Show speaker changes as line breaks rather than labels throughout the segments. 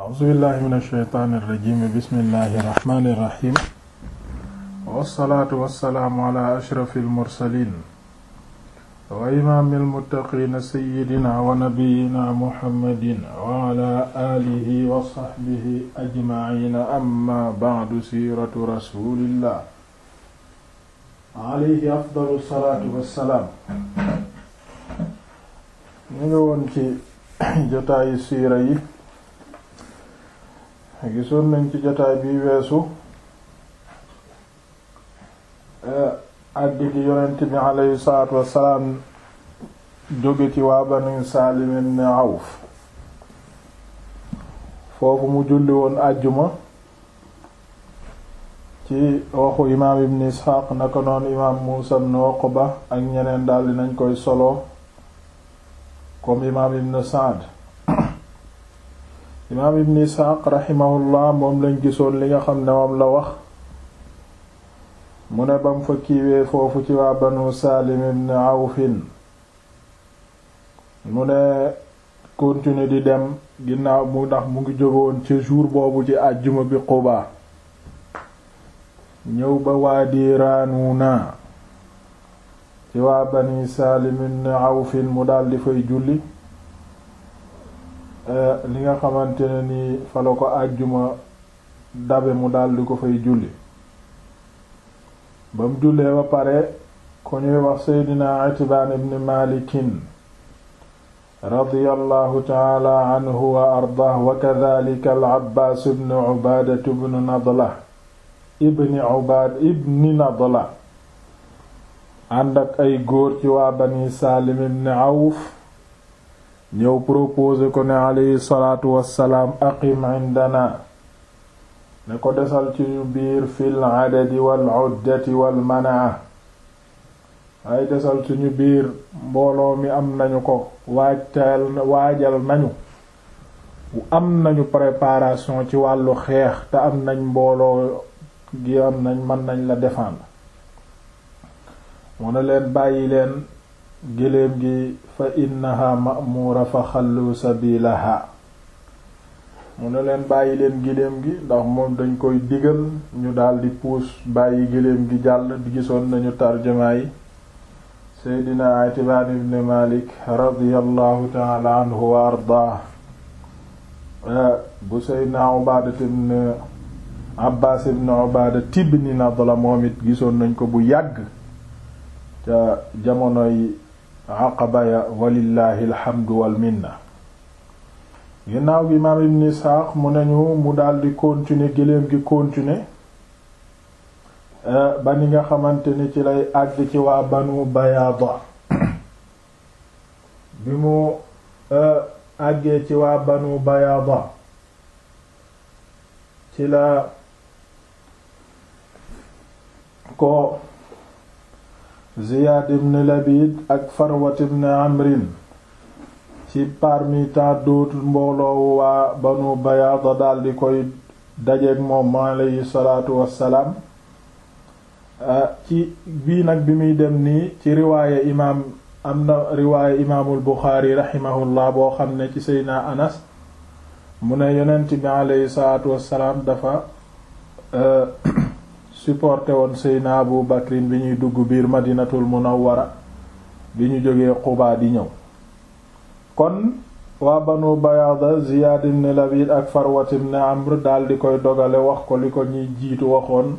axusubillahi min alsheytaan irrajim bismillahi irrahmani irrahim wassalaatu wassalaamu ala ashrafi almursalin wa imaami almuttaqina seyidina wa nabiyina muhammadin wa ala aalihi wa saxbihi ajmaciina amma bacdu siiratu rasulillah alayhi afdalu salaatu wassalaam ñu ngi woon ci jotaayu siira yi gisoon nañ ci jotaay bi weesu àgg eh, gi yonent bi aleyhi salaatu wassalaam jóge ci waa banu Saalim ibn Awf foofu mu julli woon àjjuma ci waxu imaam ibn Isxaaq naka noonu imaam Muusa ibn Uqba ak ñeneen daldi nañ koy solo comme imaam ibn Saad imaam ibn isxaaq raximahullah moom lañ gisoon li nga xam ne moom la wax mu ne bam fa kiiwee foofu ci waa banu saalim ibn awfin mu ne continuer di dem ginnaaw mu ndax mu ngi jógoon ci jour boobu ci àjjuma bi Quba ñëw ba waadi Ranuuna ci waa bani saalim ibn awfin mu daldi fay julli Eh, li nga xamante ni fa la ko àjjuma dabe mu daldi ko fay julli ba mu jullee ba pare ku ñuy wax seydina itbaan ibn malikin radiyallahu taala anhu wa ardaah wa kadhalika al abbaas ibn ubaadat ibn nadla ibni ubaad ibni nadla ànd ak ay góor ci waa bani saalim ibn awf ñëw proposé ko ne aleyhi salaatu wassalaam aqim indana ne ko desal ci ñu biir fil adadi wal uddati wal manaa ay desal suñu biir mbooloo mi am nañu ko waajal waajal nañu am nañu preparation ci wàllu xeex te am nañ mbooloo gi am nañ mën nañ la défendre mu ne leen bàyyi leen géléem gi fa innaha ma'muura fa xallu sabilaha mu ne leen bàyyi leen géléem gi ndax moom dañ koy digal ñu daldi puus bàyyi géléem gi jàll di gisoon nañu tarjumaa yi seydina Itbaan ibn Malik radiyallahu taala anhu wa ardaa bu seydina Ubaadat ibn Abbaas ibn moom it gisoon nañ ko bu yàgg ca jamonoy aqaba ya walillahi alhamdu wal minna ginnaaw bi imaam ibn Isxaaq mu nañu mu daldi continuer gëléem gi continuer eh, ba ni nga xamante ni ci lay àgg ci waa banu bayaada bi mu eh, àggee ci waa banu bayaada ci la ko Ziyaad ibn Labid ak Farwat ibn Amrin ci parmi tant d'autres waa Banu Bayaada daldi koy dajeek moom alayhi salaatu wassalaam ci bii nag bi muy dem nii ci riwaaye imaam am na riwaaye imaamul Buxaari raximahullah boo xam ne ci Seydina Anas mu ne yonent bi alayhi salaatu wassalaam dafa supporté woon Seyna Abu Bakrin bi ñuy dugg biir Madinatul Munawwara bi ñu jógee Quba di ñëw kon waa Banu Bayaada Ziyaad ibn ak Farwat ibn Amr daldi koy dogale wax ko li ko ñuy jiitu waxoon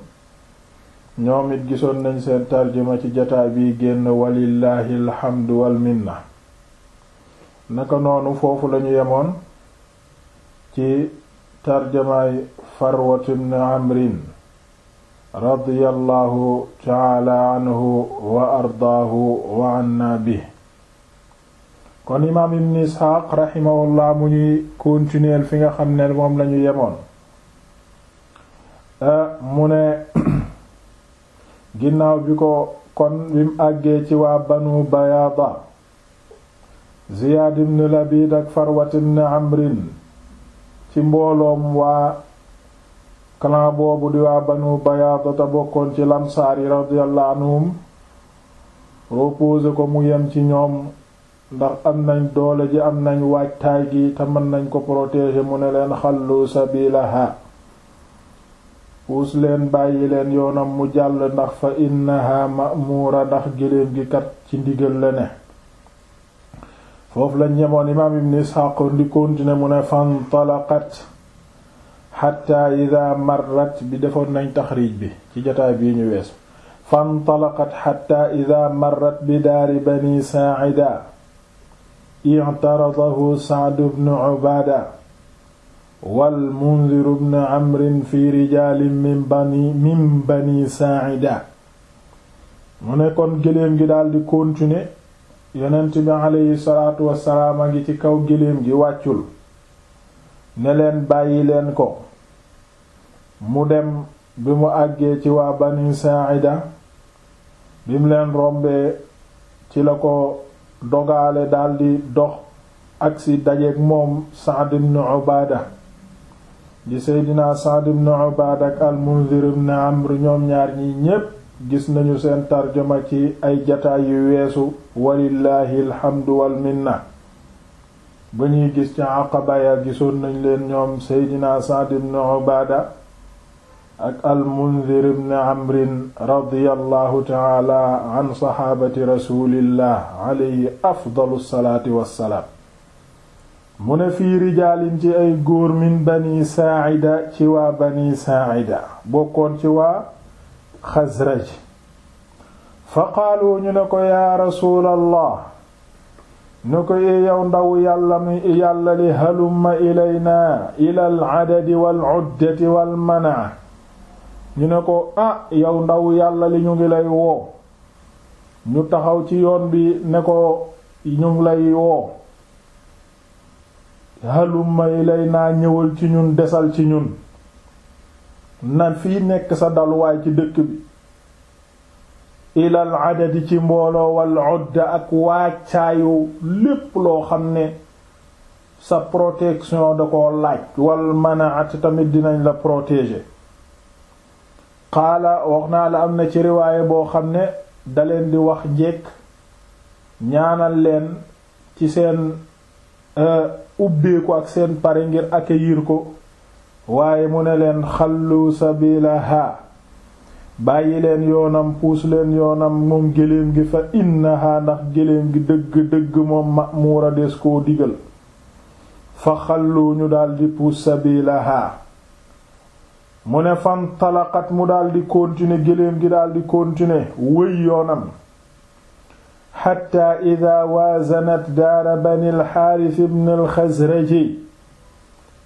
ñoom it gisoon nañ seen tarjuma ci jataay bi génn walillahi alhamdu wal naka noonu foofu lañu yemoon ci tarjumaay Farwat ibn Amrin radiyallahu bi kon imaam ibn mu fi nga xam ne moom lañu yemoon euh, mu ginnaaw bi ko kon bim àggee ci waa banu bayaada ziyaad ibn labiid ak farwat amrin ci mbooloom waa clan boobu di waa banu bayaadata bokkoon ci lamsaar yi radiyallahu anhum ko mu yem ci ñoom ndax am nañ doole ji am nañ waajtaay gi te mën nañ ko protéger mu ne leen xallu sabilaha puus leen bàyyi leen yoonam mu jàll ndax fa innaha ma'muura ndax géléem gi kat ci ndigal la ne foofu la ñemoon imaam ibn Isxaaq ndi continuer mu ne fantalaqat xatta ida marrat bi defoon nañ taxriij bi ci jotaay bii ñu weesu fantalaqat xatta ida marrat bi daari bani saaida i'taradahu sa'd ibn ubaada wal munzir ibn amrin fi rijaalin min bani min bani saaida mu ne kon gi daldi continuer yonent bi aleyhi salaatu wassalaam a ngi ci kaw gëléem gi wàccul ne leen bàyyi leen ko mu dem bi mu àggee ci waa bani Saa'ida bi mu leen rombee ci la ko dogaale daldi dox agsi dajeek moom Sa'd ibn Ubaada di Seydina Sa'd ibn Ubaada ak al-Mundhir ibn Amr ñoom ñaar ñi ñépp gis nañu seen tarjuma ci ay jataay yu weesu walillaahi alhamdu wal minna ba ñuy gis ci Aqaba ya gisoon nañ leen ñoom Seydina Sa'd ibn Ubaada ak almundir ibn amrin radiyallahu taala an saxaabati rasulillah alayhi afdalu salaati wassalaam mu ne fii rijaalin ci ay góor min bani saaida ci waa bani saaida bokkoon ci waa xasraj fa qaalu ñu ne ko yaa rasuulallah ñu ko ee yow ndaw yàlla mi yàlla li halumma ilayna ila al adadi wal uddati wal manaa ñu ne ko ah yow ndaw yàlla li ñu ngi lay woo ñu taxaw ci yoon bi ne ko ñu ngi lay woo halumma lay naa ñëwal ci ñun desal ci ñun na fii nekk sa dalwaay ci dëkk bi ilal adadi ci mbooloo wal udda ak waacaayu lépp loo xam ne sa protection da ko laaj wal manaat tamit dinañ la protéger qaala wax naa la am na ci riwaaye boo xam ne daleen di wax jekk ñaanal leen ci seen euh, ubbeeku ak seen pare ngir accueillir ko waaye mu ne leen xallu sabilaha bàyyi leen yoonam puus leen yoonam moom géléem gi fa innaha ndax géléem gi dëgg dëgg moom ma'muura des koo digal fa xallu ñu daldi puus sabilaha mu ne fan talaxat mu daldi continuer géléem gi daldi continuer wëy yoonam xatta ida waasanat daara bani alxaaris ibn alxasraji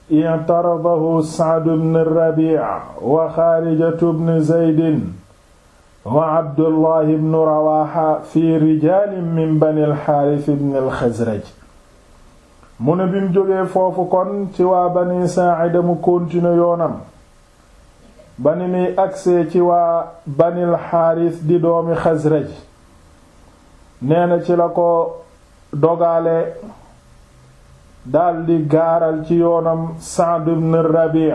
i'taradahu saad ibn rabi' wa xaarijatu ibn zaydin wa abdullahi ibn rawaxa fi rijaalin min bani alxaaris ibn alxasraji mu ne bim jógee foofu kon ci waa bani saacida mu continuer yoonam ba ni muy agsee ci waa bani xaaris di doomi xasraj nee na ci la ko dogaale daldi gaaral ci yoonam Sa'd ibn Rabi'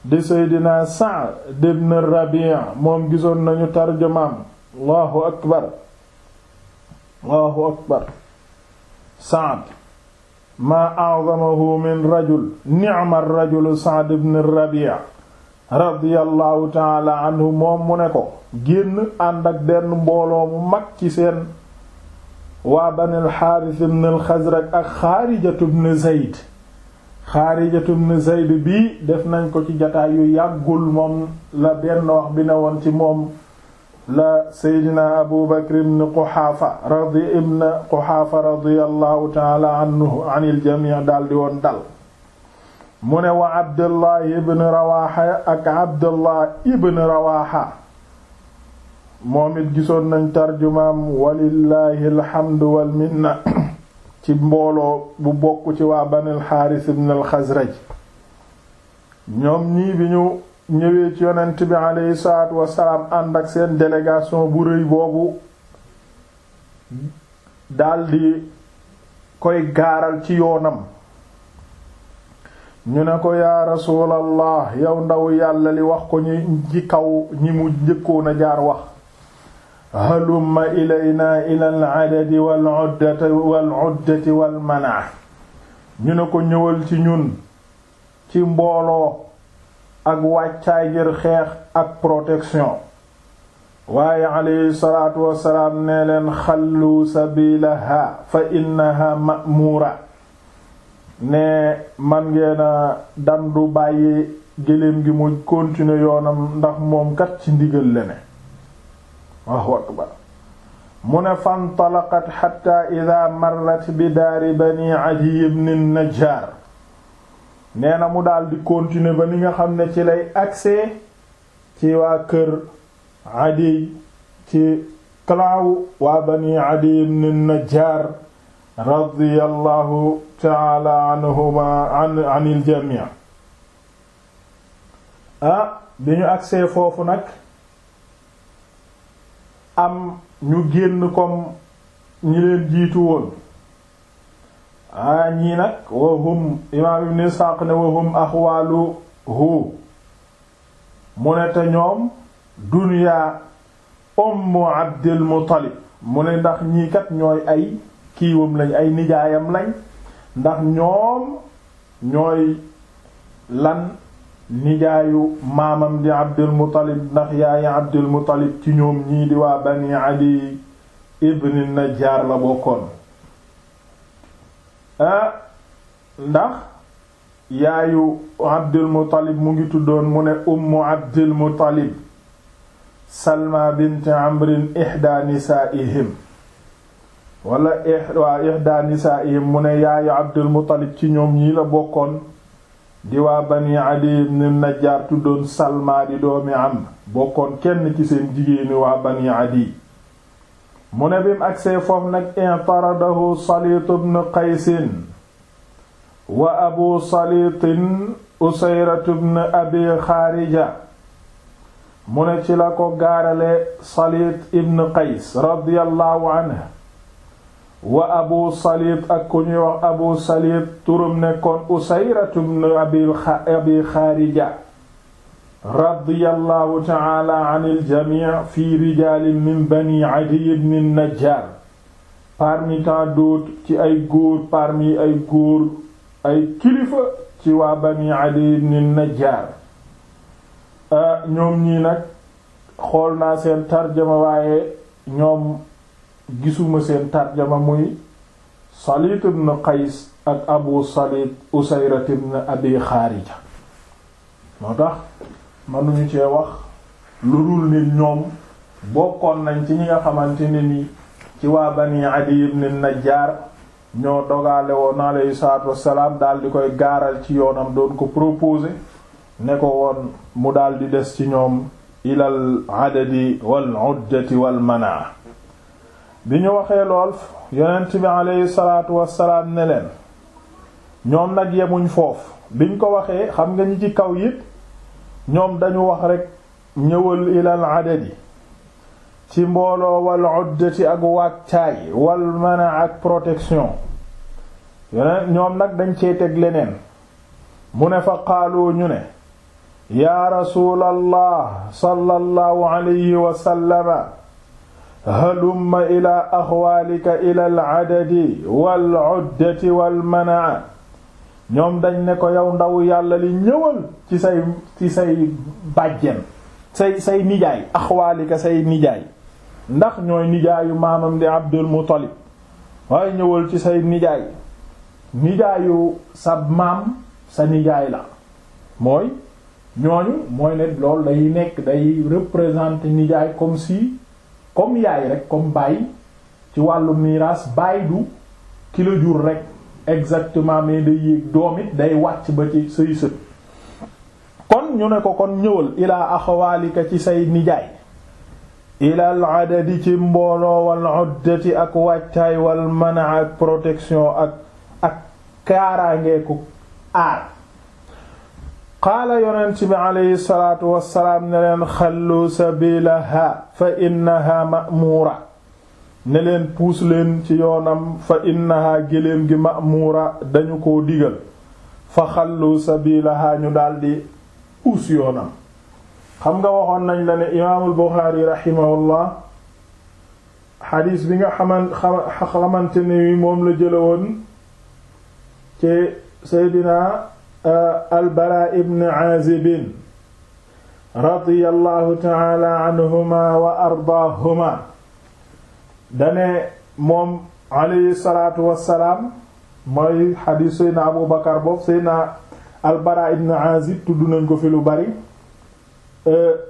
di Seydina Sa'd ibn Rabi' moom gisoon nañu tarjumaam Allahu akbar Allahu akbar Sa'd maa a'zamahu min rajul ni'ma rajul Sa'd ibn Rabi' radiyallahu taala anhu moom mu ne ko génn ànd ak benn mbooloo mu mag ci seen waa banil xaaris ibn al ak xaarijatu ibn zayd bii def nañ ko ci jataay yu moom la benn wax bi ne woon ci moom la seydina abu bakr ibn quxaafa radi ibn quxaafa radiyallahu taala anhu anil jamii daldi woon dal mu ne wa abdullah ibn rawaxa ak abdullah ibn rawaxa moom it gisoon nañ tarjumaam walillahi alhamdu wal minna ci mbooloo bu bokk ci waa banil xaaris ibn al xasraj ñoom ñii bi ñu ñëwee ci yonent bi aleyhi salaatu wasalaam ànd ak seen délégation bu rëy boobu daldi koy gaaral ci yoonam ñu ne ko yaa rasuulallah yow ndaw yàlla li wax ko ñi ci kaw ñi mu njëkkoon a jaar wax halumma ilayna ila al-adadi wal uddati wal uddati wal manaa ñu ne ko ñëwal ci ñun ci mbooloo ak wàccaay xeex ak protection waaye aleyhi salaatu wasalaam nee leen xallu sabilaha fa innaha ma'muura ne man ngeena dandu bàyyi géléem gi mu continuer yoonam ndax moom kat ci ndigal lene waaw akbar mu ne fantalaqat xatta ida marrat bi daari bani adiy ibn najjar nee na mu daal di continuer ba ni nga xam ne ci lay accès ci waa kër adiy ci claw waa bani adiy ibn najjar radiyallahu taala anhuma an anil jamii ah bi ñu agsee foofu nag am ñu génn comme ñi leen jiitu woon ah ñii nag wahum imaam ibn Isxaaq ne wahum axwaalu hu mu ne te ñoom dunya ummu Abdul Muttalib mu ne ndax ñii kat ñooy ay kiiwam lañ ay nijaayam lañ ndax ñoom ñooy lan nijaayu maamam di Abdul Muttalib ndax yaayi Abdul Muttalib ci ñoom ñii di waa Bani Adi ibn Najjar la bokkoon ah, ndax yaayu Abdul Muttalib mu ngi tuddoon mu ne ummu Abdul Muttalib Salma bint Amrin ihda nisaa'ihim wala waa ihda nisaa'ihim mu ne yaayu Abdul Muttalib ci ñoom ñii la bokkoon di waa bani Adiy ibn Najjaar tuddoon Salma di doomi am bokkoon kenn ci seen jigéeni waa bani Adiy mu ne bim agsee foofu nag intaradahu Saliit ibn Qaysin wa abu Saliitin Usayrat ibn Abi Xaarija mu ne ci la ko gaarale Saliit ibn Qays radiyallahu anhu wa abu salib ak ku ñuy wax abu salib turum nekkoon usayratu ibn abi xaarija radiyallahu ta'ala anil jami' fi rijalin min bani adiy ibn najjar parmi tant d'autres ci ay góor parmi ay góor ay kilifa ci waa bani adiy ibn najjar ah, ñoom ñii nag xool naa seen tarjama waaye ñoom gisuma seen tarjama muy Salit ibn ak Abu Salit Usayrat ibn Abi Xaarija moo tax mënuñu cee wax lu dul nit ñoom bokkoon nañ ci ñi nga xamante ne ni ci waa Bani Adi ibn Najjar ñoo dogaale woon alayhi salaatu wassalaam daal di koy gaaral ci yoonam doon ko propose ne ko woon mu daal di des ci ñoom ilal adadi wal uddati wal manaa bi ñu waxee lool yonent bi aleyhi salaatu wassalaam ne leen ñoom nag yemuñ foofu biñ ko waxee xam nga ñi ci kaw yit ñoom dañu wax rekk ñëwal ilal adadi ci mbooloo wal uddati ak waaccaay wal mana ak protection ñoom nag dañ cee teg leneen mu ne fa qaalu ñu ne yaa rasuulallah sallallahu alayhi wa sallama halumma ila axwaalika ila adadi wal uddati wal manaa ñoom dañ ne ko yow ndaw yàlla li ñëwal ci say ci say bàjjen say say nijaay axwaalika say nijaay ndax ñooy nijaayu maamam di Abdul Muttalib waaye ñëwal ci say nijaay nijaayu sa maam sa nijaay la mooy ñooñu mooy ne loolu day nekk day représenter nijaay comme si comme yaay rek comme baay ci wàllu miraas baay du ki la jur rek exactement mais day yéeg doom it day wàcc ba ci say sët kon ñu ne ko kon ñëwal ilaa axawaalika ci say nijaay ilal adadi ci mbooloo wal uddati ak wàccaay wal mana ak protection ak ak kaaraangeeku aar qaala yonent bi aleyhi salaatu wassalaam ne leen xallu sabilaha fa innaha ma'muura ne leen puus leen ci yoonam fa innaha géléem gi ma'muura dañu ko digal fa xallu sabilaha ñu daldi puus yoonam xam nga waxoon nañ la ne imaamul Buxaari raximahullah xadiis bi nga xamante ne moom la jëlawoon ci seydinaa albara ibn aazibin radiyallahu taala anhuma wa ardaahuma dane moom alayhi salaatu wassalaam mooy xadiis seydna boobu seydna albara ibn aazib tudd nañ ko fi lu bari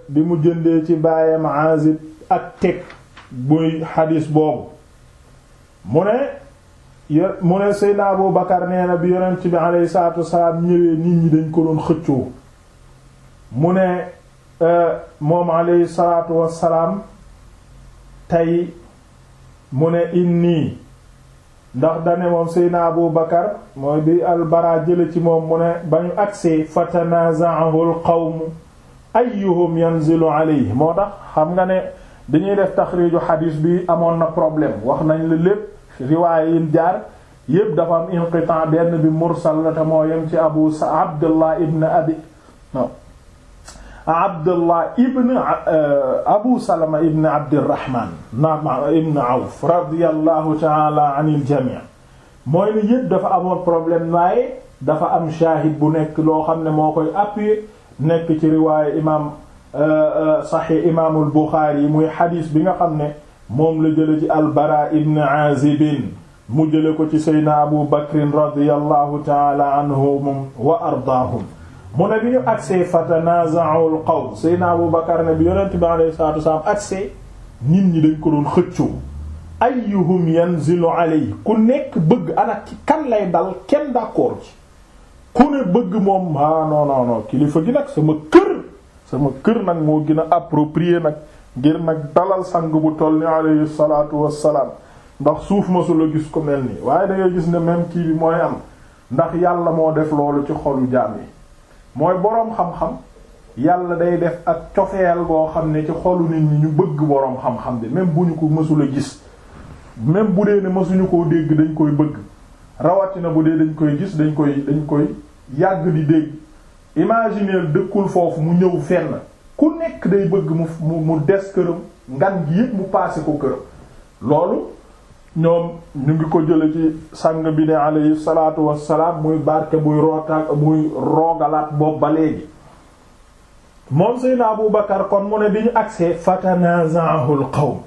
bi mu jëndee ci baayam aazib ak teg buy xadiis boobu mu mu ne Seydina Abu Bakar nee na bi yonent bi alayhi salaatu wasalaam ñëwee nit ñi dañ ko doon xëccoo mu ne euh, moom alayhi salaatu wasalaam tey mu ne inni ndax dane moom Seydina Abu Bakar mooy bi albara jële ci moom mu ne ba ñu agsee fa tanaaza'ahu al-qawmu ayyuhum yanzilu alayhi moo tax xam nga ne dañuy def taxriiju xadiis bi amoon na problème wax nañ la lépp riwaaya yi jaar yépp dafa am inqitan benn bi mursal la te moo yem ci abu abdullah ibn abi non abdullah ibn uh, abu salama ibn abdirahman naam ibn awf radiyallahu taala an il jami mooy ni yépp dafa amoon problème waaye dafa am shaahid bu nekk loo xam ne moo koy appuyer nekk ci riwaaya imaam uh, uh, saxi imaamul buxaari yi muy xadiis bi nga xam ne moom la jële ci albara ibn aazibin mu jële ko ci seydna abu bakrin radiallahu taala anhum wa ardaahum mu ne bi ñu agsee fatanaza'u al qawm seydna abu bakar ne bi yonent bi alayhi salaatu wasalaam agsee nit ñi dañ ko doon xëccoo ayyuhum yanzilu alay ku nekk bëgg anak ci kan lay dal kenn d'accord ci ku ne bëgg moom ah non non non kilifa gi nag sama kër sama kër nag moo gën a approprié nag ngir nag dalal sang bu toll ni alayhi salaatu wassalaam ndax suuf masula gis ko mel nii waaye da gis ne même kii bi mooy am ndax yàlla moo def loolu ci xolu jaam yi mooy boroom xam-xam yàlla day def ak cofeel boo xam ne ci xolu nit ñi ñu bëgg boroom xam-xam bi même bu ñu ko mësula gis même bu dee ne mësuñu koo dégg dañ koy bëgg rawatina bu dee dañ koy gis dañ koy dañ koy yàgg di dégg imagineel dëkkul foofu mu ñëw fenn day bëgg mu mu mu des këram ngan gi yëpp mu paase ko këram loolu ñoom ñu ngi ko jële ci sang bi ne alayhi salaatu wassalaam muy barke buy rootaak muy roogalaat boobu ba léegi moom Seydina Abu Bakar kon mu ne bi ñu agsee fatanazaahu qawm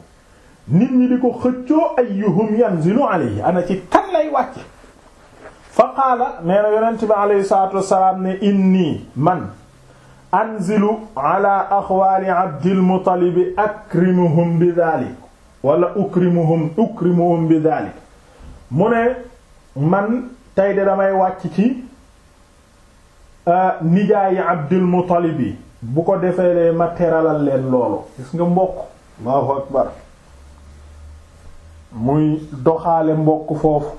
nit ñi di ko xëccoo ayyuhum yanzilu alayhi ana ci kan lay wàcc fa qaala nee na yonent bi alayhi salaatu wassalaam ne inni man anzilu ala axwaali abdil muttalibi akrimuhum bi daalik wala ukrimuhum ukrimuhum bi daalik mu ne man tey de damay wàcc ci euh, nijaayi abdil bu ko defee lee ma teralal leen loolu gis nga mbokk allahu akbar muy doxaale mbokk foofu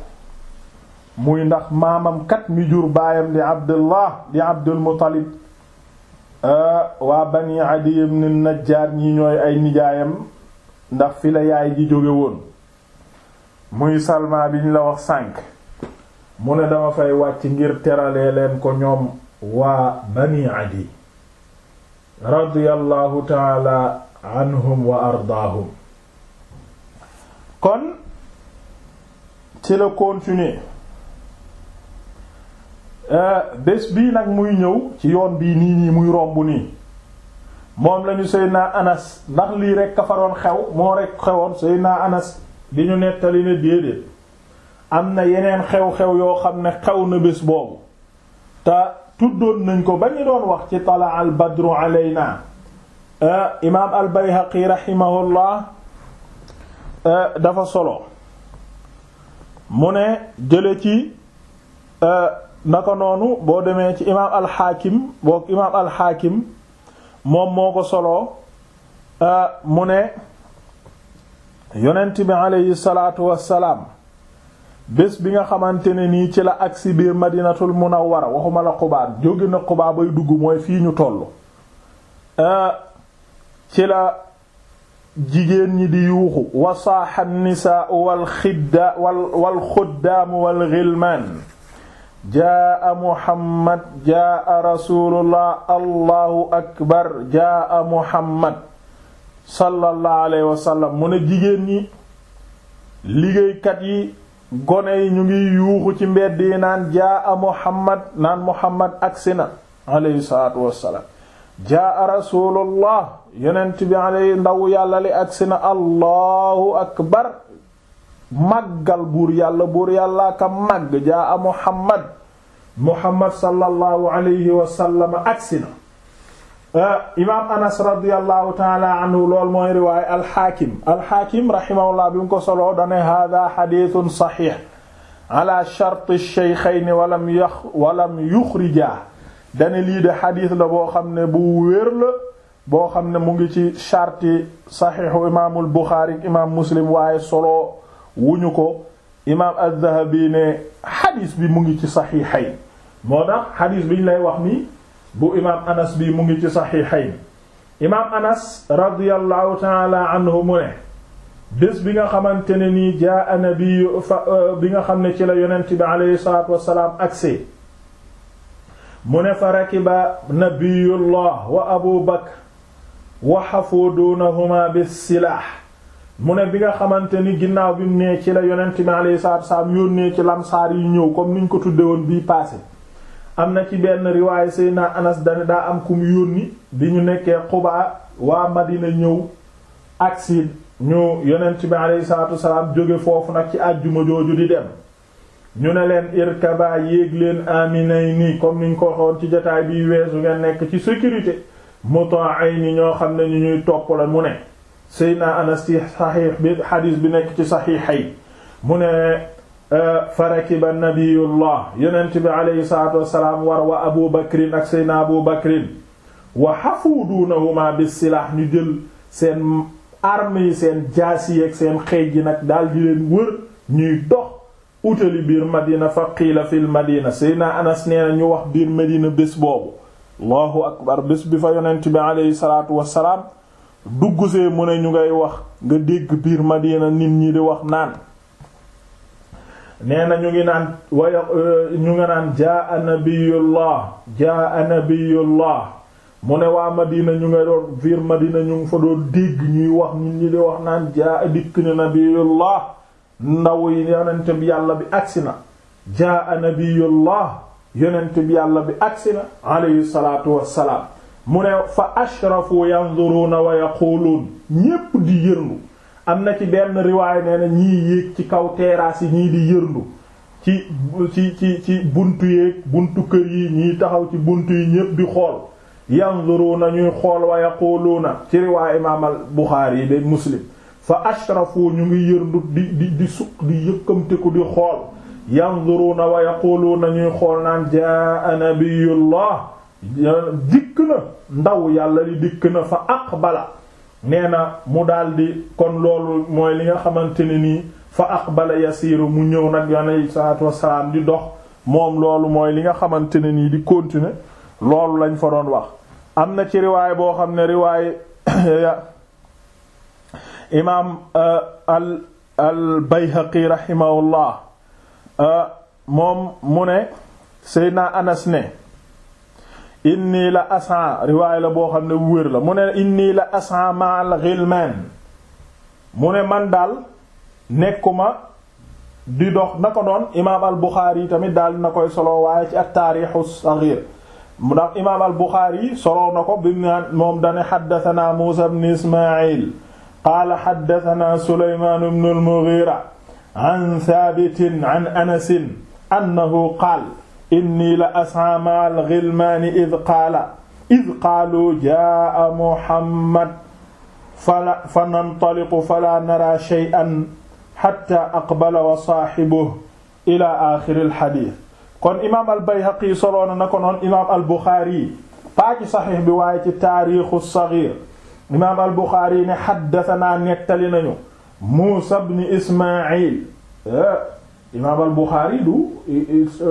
muy ndax maamam kat mi jur baayam di abdullah di abdul Euh, waa bani Adiy ibn Najjaar ñi ñooy ay nijaayam ndax fi la yaay ji jóge woon muy Salma bi ñu la wax sànk mu ne dama fay wàcc ngir terale leen ko ñoom waa bani Adiy radiyallahu taala anhum wa ardaahum kon ci la continuer Euh, bés bii nag muy ñëw ci yoon bii nii nii muy romb nii moom lañu Seydina Anas ndax lii rek ka fa doon xew moo rek xewoon Seydina Anas bi ñu nettali ne déedéet am na yeneen xew-xew yoo xam ne xew na bés boobu te tuddoon nañ ko ba ñu doon wax ci tala al badru alayna euh, imaam al Bayhaqi rahimahullah euh, dafa solo mu ne jële ci na naka noonu boo demee ci imaam alxaakim boog imaam alxaakim moom moo ko soloo euh, mu ne yonent bi aleyhi salaatu wassalaam bés bi nga xamante ne nii ci la agsi biir madinatul munawwara waxuma la xubaa jóge na xubaa bay dugg mooy fii ñu tollu euh, ci la jigéen ñi di yuuxu wasaaxa nisaa wal xidda wal wal xuddaamu wal jaa muhammad jaa rasulullah allahu akbar jaa muhammad sallallahu alayhi wa sallam mu ne jigéen ñi liggéeykat yi gone yi ñu ngi yuuxu ci mbedd yi naan jaa muhammad naan muhammad agsi na ndaw yàlla li agsi na allahu akbar màggal buur yàlla buur yàllaa ka màgg jaa a muhammad muhammad sallallahu alayhi wa sallam agsi na ah, imaam anas radiallahu taala anhu lool mooy riwaaya alxaakim alxaakim rahimahullah bi mu ko soloo dane hada xadiisun saxiix ala sharti sheykhayni walam yax walam yuxrijaa dane lii de xadiis la boo xam ne bu wér la boo xam ne mu ngi ci sharti saxiixu imaamul buxaari imaam muslim waaye solo wu ñu ko imaam az-Zahabi ne xadis bi mu ngi ci saxiixayn moo tax xadis bi ñu lay wax nii bu imaam Anas bi mu ngi ci saxiixayn imaam Anas radiyallahu taala anhu mu ne bés bi nga xamante ne nii jaa nabiyu euh, bi nga xam ne ci la yonent bi aleyhi salaatu wassalaam agsi mu ne fa rakiba nabiyullah wa abu bakr wa xafuuduunahuma bis silaah mu ne bi nga xamante ni ginnaaw bi mu nee ci la yonent mi alayhi salaatu wassalaam yónnee ci lamsaar yi ñëw comme niñ ko tudde woon bii passé am na ci benn riwaay riwaaye Seydina Anas dane daa am ku yónni bi ñu nekkee Quba waa Madina ñëw agsi ñu yonent bi alayhi salaatu wassalaam jóge foofu nag ci àjjuma jooju di dem ñu ne leen irkaba yéeg leen yi nii comme niñ ko waxoon ci jotaay biy weesu nga nekk ci sécurité moto ay ni ñoo xam ne ñu ñuy topp la mu ne Seydina Anas ci saxiix bi xadiis bi nekk ci saxiixay mu ne farakiba nabiyullah yonent bi aleyhi salaatu wassalaam war wa Abu Bakrin ak Seydina Abu Bakrin wa xafuuduunahuma bisilaax ñu jël seen arme yi seen jaas yi ak seen xeej yi nag daal di leen wër ñuy dox utali biir madina fa qiila fil madina Seydina Anas nee na ñu wax biir madina bés boobu allahu akbar bés bi fa yonent bi aleyhi salaatu wassalaam dugg see mu ne ñu ngay wax nga dégg biir Madina nit ñi di wax naan nee na ñu ngi naan waya euh, ñu nga naan jaa nabiyullah jaa nabiyullah mu ne waa Madina ñu nga doon biir Madina ñu ngi fa doon dégg ñuy wax nit ñi di wax naan jaa dikk na nabiyullah ndaw yi yonent bi yàlla bi agsi na jaa nabiyullah yonent bi yàlla bi agsi na alayhi salaatu wassalaam mu ne fa ashrafu yanzuruna wa yaquluun ñépp di yërndu am na ci benn riwaay nee na ñii yéeg ci kaw terrasse yi ñii di yërndu ci ci ci ci buntu yeeg buntu kër yi ñii taxaw ci buntu yi ñépp di xool yanzuruna ñuy xool wa yaquluuna ci riwaay imaam al Buxaari yi de Muslim fa ashrafu ñu ngi yërndu di di di suq di yëkkamteku di xool na wa yaquluuna ñuy xool naan jaa nabiyullah dikk na ndaw yàlla li dikk na fa aqbala nee na mu daldi kon loolu mooy li nga xamante ne nii fa aqbala yasiiru mu ñëw nag alayhi salaatu wassalaam di dox moom loolu mooy li nga xamante ne nii di continuer loolu lañ fa doon wax am na ci riwaay boo xam ne riwaay imaam uh, al al Bayhaqi rahimahullah uh, moom mu ne Seydina Anas ne inni la asan riwaay la boo xam ne wér la mu ne inni la asan mal ghilman mu ne man daal nekkuma di dox na ko doon imaam al buxaari yi tamit daal na koy solo waaye ci at-taarixu saxiir mu ndax imaam al buxaari yi solo na ko bi mu naan moom dane xaddatanaa muusa ibn ismaayil qaala xaddatanaa suleymaan ibn al mughira an thaabitin an anasin annahu qaal inni la as'a ma'al ghilmaani id qaala id qaalu jaa'a Muhammad fala fa nantaliqu fala nara shay'an hatta aqbala wa saahibuhu ila axiril xadiis kon imaam al Bayhaqi soloona na ko noon imaam al Buxaari paa ci saxiix bi waaye ci taarixu saxiir imaam al Buxaari ne xaddasanaa nettali nañu Muusaa ibn Ismaa'iil eh, imaam al Buxaari du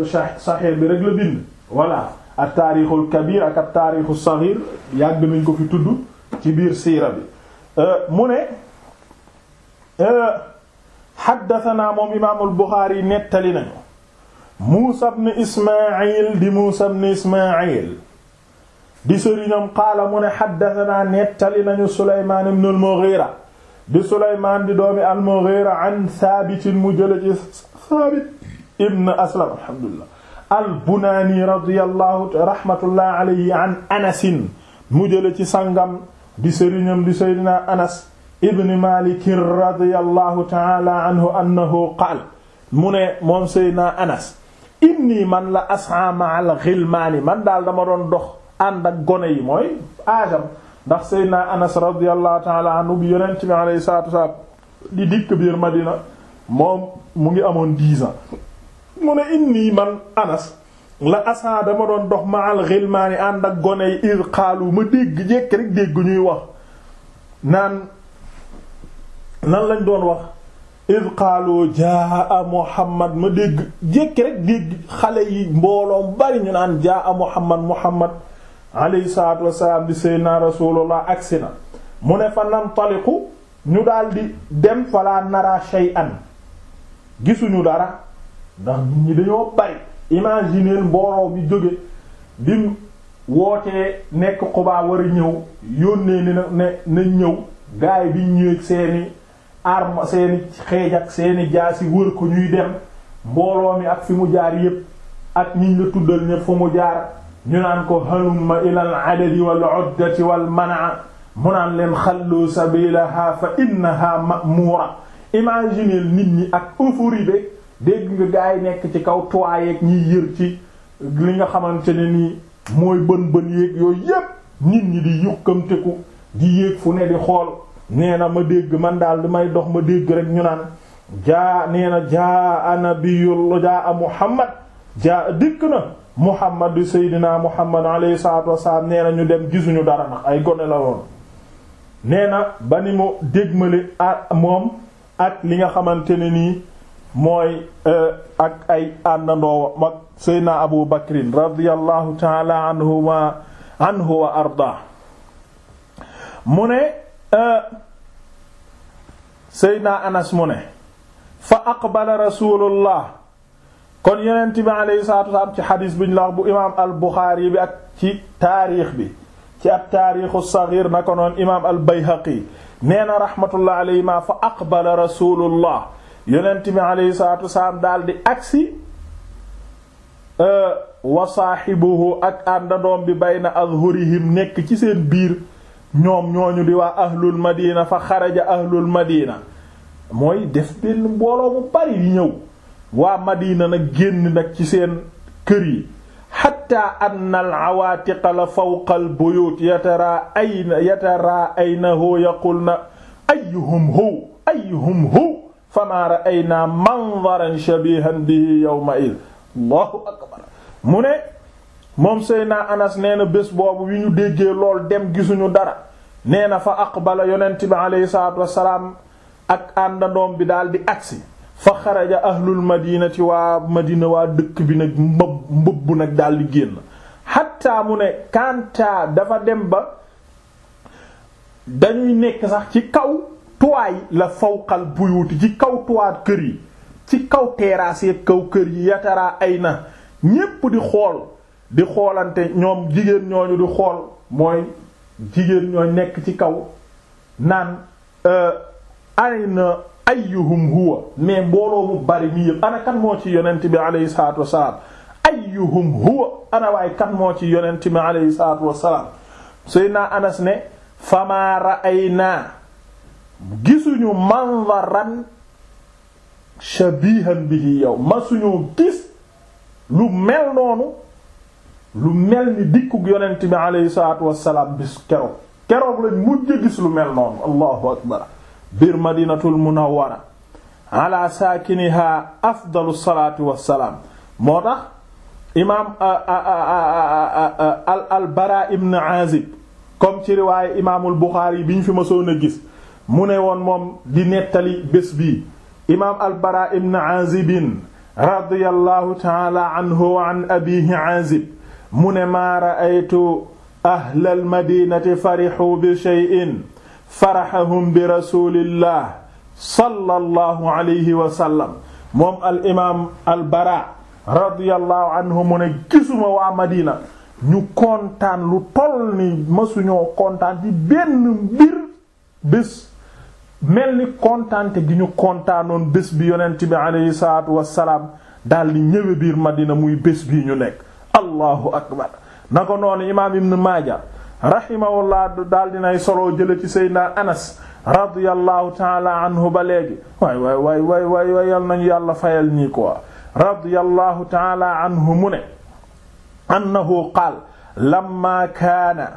Sahih bi rek la bind voilà ak taarixul kabir ak ak taarixul saxiir yàgg nañ ko fi tudd ci biir siira bi euh, mu ne xaddatanaa euh, moom imaamul Buxaari nettali nañu Muusa ibn Ismaayil di Muusa ibn Ismaayil di sëriñam qaala mu ne xaddatanaa nettali nañu Sulaymaan ibn al-Mughira di Sulaymaan di doomi al-Mughira an Saabitin mu jële ci Thabit ibn Aslam alhamdulillah al-Bunani radiyallahu rahmatullah alayhi an anasin mu jële ci sangam di sëriñam di Seydina Anas ibn Malik radiyallahu ta'ala anhu annahu qaala mu ne moom Seydina Anas inni man la as'a ma'al ghilmaani man daal dama doon dox ànd ak gone yi mooy aajam ndax Seydina Anas radiyallahu ta'ala anhu bi yonent bi alayhi salaatu wa salaam di dikk biir Madina moom mu ngi amoon dix ans mu ne inni man anas la asaa dama doon dox ma al xilmaani ànd ak gone yi il xaalu ma dégg jekk rek dégg ñuy wax naan nan lañ doon wax il xaalu jaa a muhammad ma dégg jekk rek dégg xale yi mbooloo bari ñu naan jaa a muhammad muhammad alayhi salaatu wassalaam di seydina rasulullah agsi na mu ne fa nantaliqu ñu daldi dem falaa nara shay'an gisuñu dara ndax nit ñi dañoo bari imaginer mbooloo bi jóge bi wootee nekk xubaa war a ñëw yónnee ni ne na ñëw gaay bi ñëw seeni arme seeni xeej ak seeni jaasi wër ko ñuy dem mbooloo mi ak fi mu jaar yépp ak ñiñ la tuddal ñépp fu mu jaar ñu naan ko halumma ila al adadi wal uddati wal manaa mu naan leen xallu sabilaha fa innaha ma'mura imagineel nit ñi ak euphorie be dégg nga gaa yi nekk ci kaw toileeg ñiy yër ci li nga xamante ne nii mooy bën bën yéeg yooyu yépp nit ñi di yukkamteku di yéeg fu ne di xool nee na ma dégg man daal di may dox ma dégg rek ñu naan jaa nee na jaa anabiyul jaa a muhammad jaa dikk na muhammad di seydinaa muhammad alayhi salaatu wassalaam nee na ñu dem gisuñu dara ndax ay gone la woon nee na ba ni mu dégmale a ah, moom ak li nga xamante ne nii mooy eh, ak ay àndandoo mag seydna abu bakrin radiallahu taala anhuma anhu wa arda mu ne eh, seydna anas mu ne fa aqbala rasulullah kon yonent bi aleyhi salatu wasalaam ci xadis bi ñu la wax bu imaam al buxaari bi ak ci taarix bi ci ab taarixu saxiir na ko noon imaam al bayhaqi nee na rahmatullah alayhima fa aqbala rasulullah yonent bi alayhi salatu wasalaam daal di agsi e, wa saaxibuhu ak àndandoom bi bayna azhurihim nekk ci seen biir ñoom ñooñu di waa ahlul madina fa xaraja ahlul madina mooy def benn mbooloo mu bari ñëw waa madina nag génn nag ci seen kër yi xatta anna alawaatiqa la fawqa albuyut yataraa ayna yataraa aynahu yaqulna ayyuhum ay ayyuhum hu famaa ra'aynaa mandaran shabihan bihi yawma id allahu akbar mu ne moom Seydina Anas nee na bés boobu yu ñu déggee lool dem gisuñu dara nee na fa aqbala yonent bi aleyhi salaatu ak àndandoom bi daal di agsi fa xaraja ahlul madinati waa madina waa dëkk bi nag mbëb mbëbb nag daal génn xatta mu ne kanta dafa dem ba dañuy nekk sax ci kaw tuwaay la fawqal buyuuti ci kaw tuwaat kër yi ci kaw terrasse kaw kër yi yataraa ay na ñépp di xool di xoolante ñoom jigéen ñooñu di xool mooy jigéen ñooy nekk ci kaw naan euh, ay ayyuhum huwa mais mbooloo mu bari mi yëpp ana moo ci yonent bi alayhi salaatu wasalaam ayyuhum huwa ana waay moo ci yonent bi alayhi salaatu wasalaam Seydina Anas ne famaa ra'aynaa gisuñu manzaran shabihan bihi yow ma suñu gis lu mel noonu lu mel ni dikkug yonent bi alayhi salaatu wasalaam bis keroog keroog lañ mujj gis lu mel noonu allahu akbar biir madinatul munawwara ala saakinihaa afdalu salaatu wassalaam moo tax imaam al al Baraa ibn Aazib comme ci riwaaye imaamul Buxaari bi ñu fi mësoon a gis mu ne woon moom di nettali bés bii imaam al Baraa ibn Aazib radiyallahu taala anhu wa an abiihi Aazib mu ne maa ra'aytu ahlal madiinati farihuu bi shay'in faraxahum bi rasulillah sallallahu alayhi wa sallam moom al imaam al bara radiyallahu anhu waa Madina ñu kontaan lu toll ni masuñoo kontaan ci benn mbir bés mel ni kontaante gi ñu kontaanoon bés bi yonent bi aleyhi salaatu wassalaam daldi ñëwe biir Madina muy bés bii ñu nekk allahu akbar na ko noonu imaam ibn Maaja rahimahullah daal dinay solo jële ci Seydina Anas radiyallahu taala anhu ba léegi waay waay waay waay waay waay yal nañu yàlla fayal ñii quoi radiyallahu taala anhu mu ne annahu qaal lamma kaana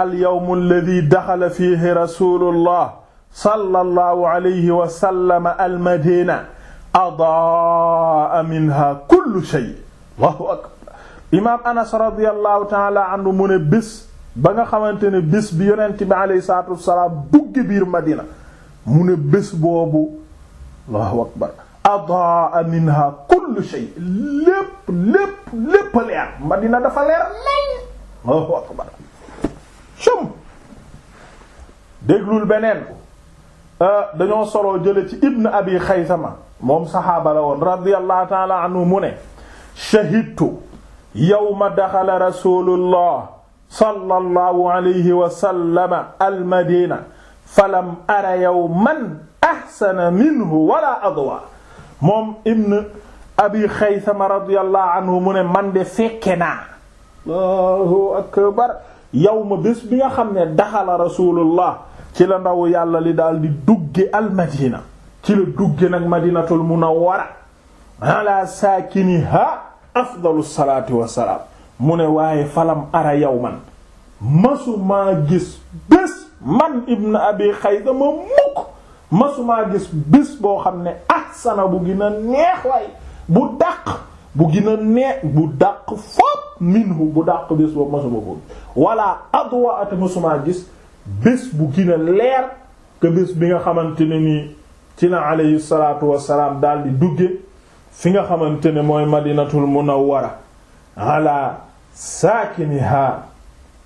al yawm alladhi daxala fihi rasulullah sallallahu alayhi wa sallam al madina adaa minha kullu shay allahu akbar imaam Anas radiyallahu taala anhu mu ne bés ba nga xamante ne bés bi yonent bi alayhi salaatu wassalaam duggi biir Madina mu ne bés boobu allahu akbar adaa minha kullu shay lépp lépp lépp leer Madina dafa leer lan allahu akbar sum déglul beneen ah, dañoo soloo jële ci ibn abi xaysama moom saxaaba la woon radiyallahu taala anhu mu ne shahidtu yawma daxala rasulullah sallallahu alayhi wa sallama almadina falam ara yawman ahsana minhu wala adwa moom ibn abi xaysama radiyallahu anhu mu ne man de fekke naa allahu akbar yawma bés bi nga xam ne daxala rasulullah ci la ndaw yàlla li daal di dugge almadina ci la dugge nag madinatul munawwara ala saakiniha afdalu salaatu wassalaam mu ne waaye falam ara yow man masumaa gis bés man ibn abi xaysama mukk masumaa gis bés boo xam ne ahsana bu gën neex waay bu dàq bu gën neex bu dàq foop minhu bu dàq bés boobu masuma ko wala adwa at masumaa gis bés bu gën a leer que bés bi nga xamante ne nii ci la alayhi salaatu wasalaam daal di dugge fi nga xamante ne mooy madinatul munawwara ala saakiniha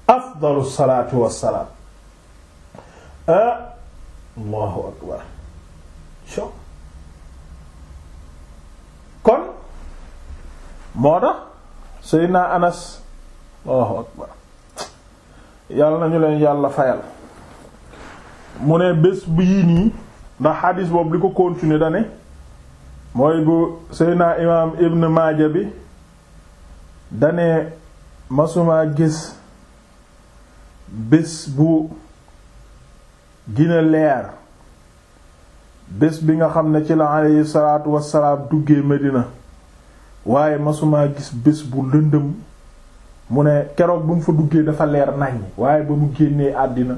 afdalu salaatu wassalaam allahu akbar kon moo tax seydna anas allahu akbar yàlla nañu leen yàlla fayal mu ne bés bu yii ndax xadiis boobu li ko continuer dane mooy bu seydna imaam ibn maaja bi dane masumaa gis bés bu gina leer bés bi nga xam ne ci la aleyhi salaatu wassalaam duggee Medina waaye masumaa gis bés bu lëndëm mu ne keroog ba mu fa duggee dafa leer nañ waaye ba mu génnee àddina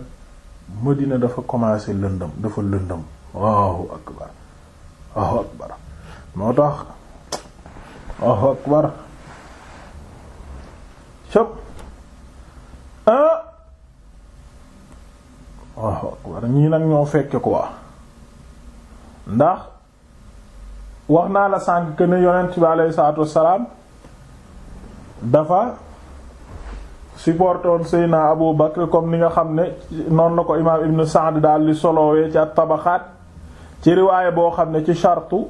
Medina dafa commencé lëndëm dafa lëndëm waaw akbar waaw moo tax waaw akbar cëp ah waaw ñii nag ñoo fekke quoi ndax wax naa la sànq que ne yonent bi aleyhi salaatu wassalaam dafa supportoon Seydina Abu Bakr comme ni nga xam ne noonu la ko imaam Ibn Sa'd daal di solowee ci at-Tabaqaat ci riwaaye boo xam ne ci chartu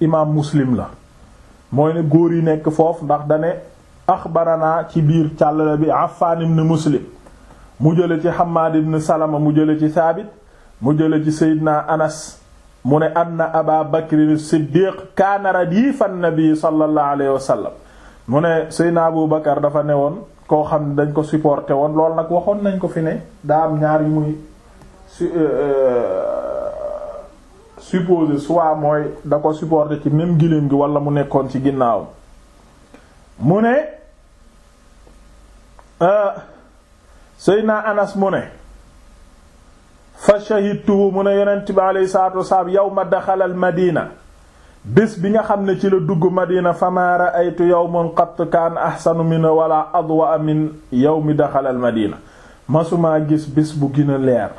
imaam Muslim la mooy ne góor yi nekk foofu ndax dane axbarana ci biir càllale bi Affaan ibn Muslim mu jële ci Hammaad ibn Salama mu jële ci Saabit mu jële ci Seydina Anas mu ne anna Abaa Bakrin Siddiq kaana radiifa nabi sallallahu alayhi wa mu ne Seydina Abu Bakar dafa ne woon koo xam ne dañ ko supporté woon lool nag waxoon nañ ko fi ne daa am ñaar yu muy euh, euh, supposé soit mooy da ko supporté ci même giléem gi wala mu nekkoon ci ginnaawam mu ne ah, Seydina Anas mu ne fa shahidtuhu mu ne yonent bi alayhi salaatu wasalaam yawma daxala bés bi nga xam ne ci la dugg madina fama ra'aytu yawman qat kaan ahsanu min wala adwa min yawmi daxala al madina masumaa gis bés bu gën leer